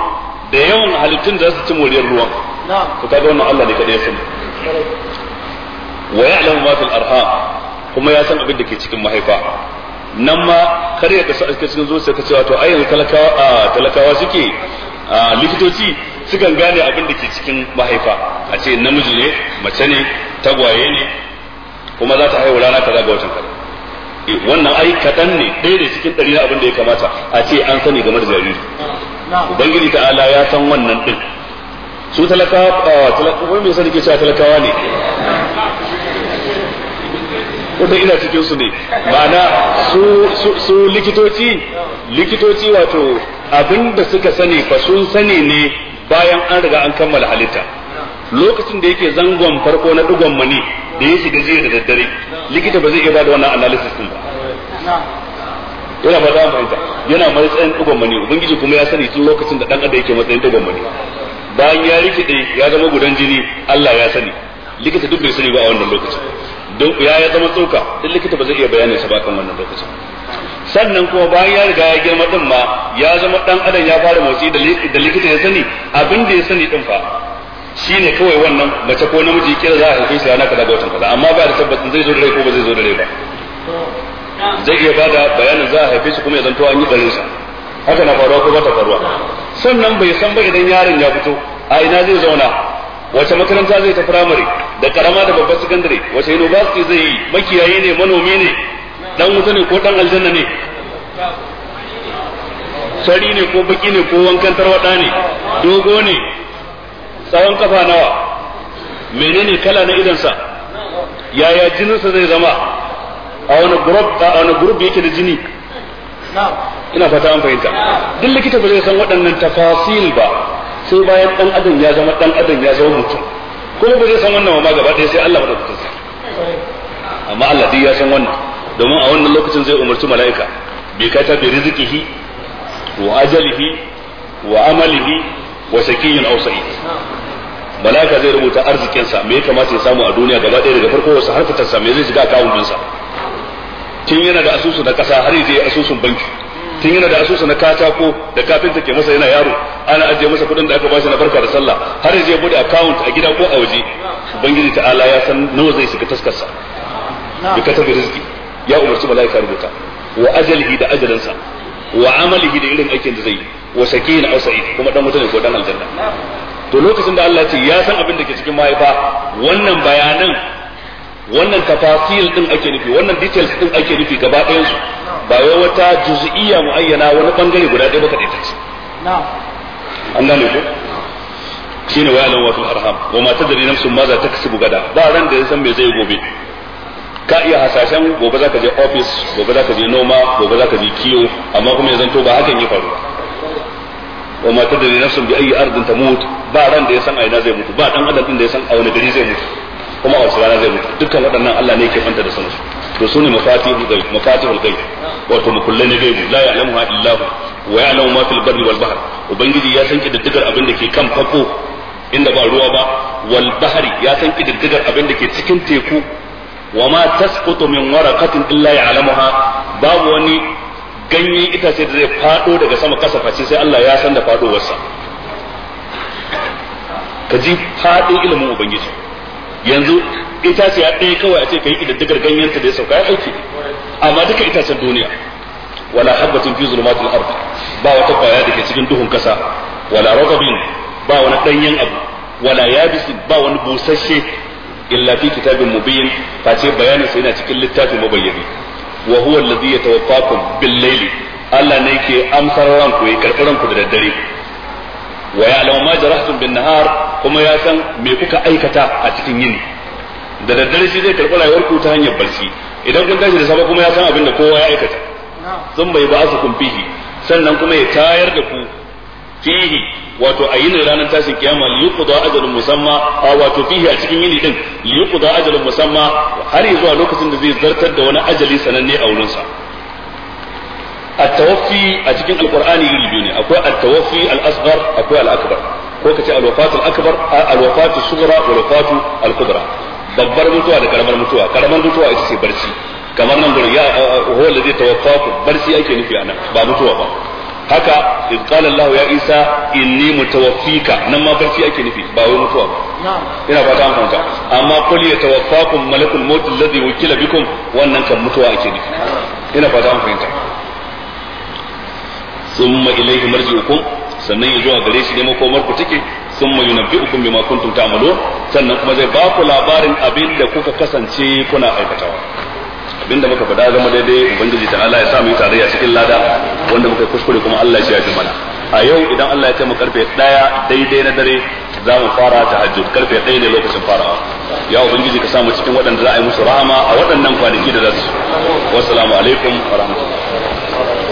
Speaker 1: da yawan halittun da za su ci moriyar ruwan to kaga wannan Allah ne kadai ya sani wa ya'lamu ma fil arham kuma ya san abin da ke cikin mahaifa nan ma kar ya kasu a cikin zuciya ka cewa to ai yanzu talakawa talakawa suke likitoci sukan gane abin da ke cikin mahaifa a ce namiji ne mace ne tagwaye ne kuma za ta haihu rana kaza ga watan kaza eh, wannan ai kaɗan ne ɗaya da cikin ɗari na abin da ya kamata a ce an sani game da jariri ubangiji ta ala ya san wannan ɗin su talakawa wani mai sani ke cewa talakawa ne wanda ina cikin su ne ma'ana su likitoci likitoci wato abin da suka sani fa sun sani ne bayan an riga an kammala halitta lokacin da yake zangon farko na dugon mani da ya shiga jiya da daddare likita ba zai iya bada wannan analysis din ba yana ba za fahimta yana matsayin dugon mani ubangiji kuma ya sani tun lokacin da dan adam yake matsayin dugon mani bayan ya rikide ya zama gudan jini Allah ya sani likita duk bai sani ba a wannan lokacin don ya zama tsoka duk likita ba zai iya bayanin sa ba kan wannan lokacin sannan kuma bayan ya riga ya girma din ma ya zama dan adam ya fara motsi da likita ya sani abin da ya sani din fa shine kawai wannan mace ko namiji kira za a haife shi rana kaza ga watan kaza amma ba da tabbacin zai zo da rai ko ba zai zo da rai ba zai iya bada bayanin za a haife shi kuma ya zanto an yi ɗarin sa haka na faruwa ko ba ta faruwa sannan bai san ba idan yaron ya fito a ina zai zauna wace makaranta zai ta firamare da karama da babbar sakandare wace university zai yi makiyayi ne manomi ne dan wuta ne ko dan aljanna ne sari ne ko baki ne ko wankan tarwada ne dogo ne tsawon kafa nawa menene kala na sa? yaya jininsa zai zama a wani group a wani group yake da jini ina fata an fahimta duk likita ba zai san waɗannan tafasil ba sai bayan dan adam ya zama dan adam ya zama mutum kuma ba zai san wannan ba gaba ɗaya sai Allah da sa amma Allah duk ya san wannan domin a wannan lokacin zai umarci mala'ika bi kata bi rizikihi wa ajalihi wa amalihi wa shakiyin aw sa'id mala'ika zai rubuta arzikinsa me ya kamata ya samu a duniya gaba ɗaya daga farko wasu harfatar sa me zai shiga akawun dinsa tun yana da asusu na kasa har zai asusun banki tun yana da asusu na katako da kafinta ke masa yana yaro ana ajiye masa kuɗin da aka ba bashi na barka da sallah har zai bude account a gida ko a waje ubangiji ta'ala ya san nawa zai shiga taskarsa bi kata bi rizqi ya umarci mala'ika rubuta wa ajalihi da ajalinsa wa amalihi da irin aikin da zai yi wa shakiyin aw sa'id kuma dan mutane ko dan aljanna to lokacin da Allah ya ce ya san abin da ke cikin mahaifa wannan bayanan wannan tafasil din ake nufi wannan details din ake nufi gaba ɗayan su ba wai wata juz'iyya muayyana wani bangare guda ɗaya ba ka daita ce an gane ko shine wa ya'lamu wa fil arham wa ma tadri nafsun ma za taksubu gada ba ran da ya san me zai gobe ka iya hasashen gobe za ka je office gobe za ka je noma gobe za ka je kiyo amma kuma ya to ba hakan yi faru wa ma tadri nafsun bi ayi ardin tamut ba ran da ya san a ina zai mutu ba dan adam din da ya san a wani gari zai mutu kuma a wasu rana zai mutu dukkan waɗannan Allah ne ke fanta da sanin su to su ne mafatihul ghaib mafatihul ghaib wato mukullai ne gaibu la ya'lamuha illa hu wa ya'lamu ma fil barri wal bahr ubangiji ya san kididdigar abin da ke kan fako inda ba ruwa ba wal bahri ya san kididdigar abin da ke cikin teku wa ma tasqutu min waraqatin illa ya'lamuha babu wani ganye itace da zai fado daga sama kasa face sai Allah ya san da fadowarsa ka ji fadin ilimin ubangiji yanzu itace ya kawai a ce ka yi ganyen ganyenta da ya sauka ya aiki amma duka itacen duniya wala habbatin fi zulumatil ard ba wata kwaya da ke cikin duhun kasa wala rabbin ba wani danyen abu wala yabisin ba wani busasshe illa fi kitabin mu mubin face bayanin sa yana cikin littafin mabayyani wa huwa ya yatawaffakum bil layli Allah ne yake amsa ranku ya karɓi ranku da daddare wa ya'lamu ma jarahtum bin nahar kuma ya san me kuka aikata a cikin yini da daddare shi zai karɓi rayuwarku ta hanyar barci idan kun tashi da safe kuma ya san abin da kowa ya aikata sun bai ba su kun sannan kuma ya tayar da ku fihi wato a yinin ranar tashin kiyama liyuqda ajalun musamma a wato fihi a cikin yini din liyuqda ajalun musamma har zuwa lokacin da zai zartar da wani ajali sananne a wurin sa at-tawaffi a cikin alqur'ani iri biyu ne akwai at-tawaffi al-asghar akwai al-akbar ko kace al-wafatu al-akbar al-wafatu sughra wal wafatu al-kubra babbar mutuwa da karamar mutuwa karamar mutuwa ita ce barci kamar nan gurin ya huwa allazi tawaffaku barci ake nufi anan ba mutuwa ba haka in qala Allah ya Isa inni mutawaffika nan ma barci ake nufi ba wai mutuwa ba
Speaker 2: ina fata an fahimta amma
Speaker 1: qul yatawaffakum malakul maut alladhi wukila bikum wannan kan mutuwa ake nufi ina fata an fahimta summa ilayhi marji'ukum sannan ya a gare shi ne makomar ku take summa yunabbi'ukum bima kuntum ta'malun sannan kuma zai ba ku labarin abin da kuka kasance kuna aikatawa abinda muka faɗa zama daidai ubangiji ta Allah ya sa mu tarayya cikin lada wanda muka kuskure kuma Allah ya ji mana a yau idan Allah ya ce mu karfe 1 daidai na dare za mu fara tahajjud karfe 1 ne lokacin farawa ya ubangiji ka sa mu cikin waɗanda za a yi musu rahama a waɗannan kwanaki da za su wassalamu alaikum wa rahmatullahi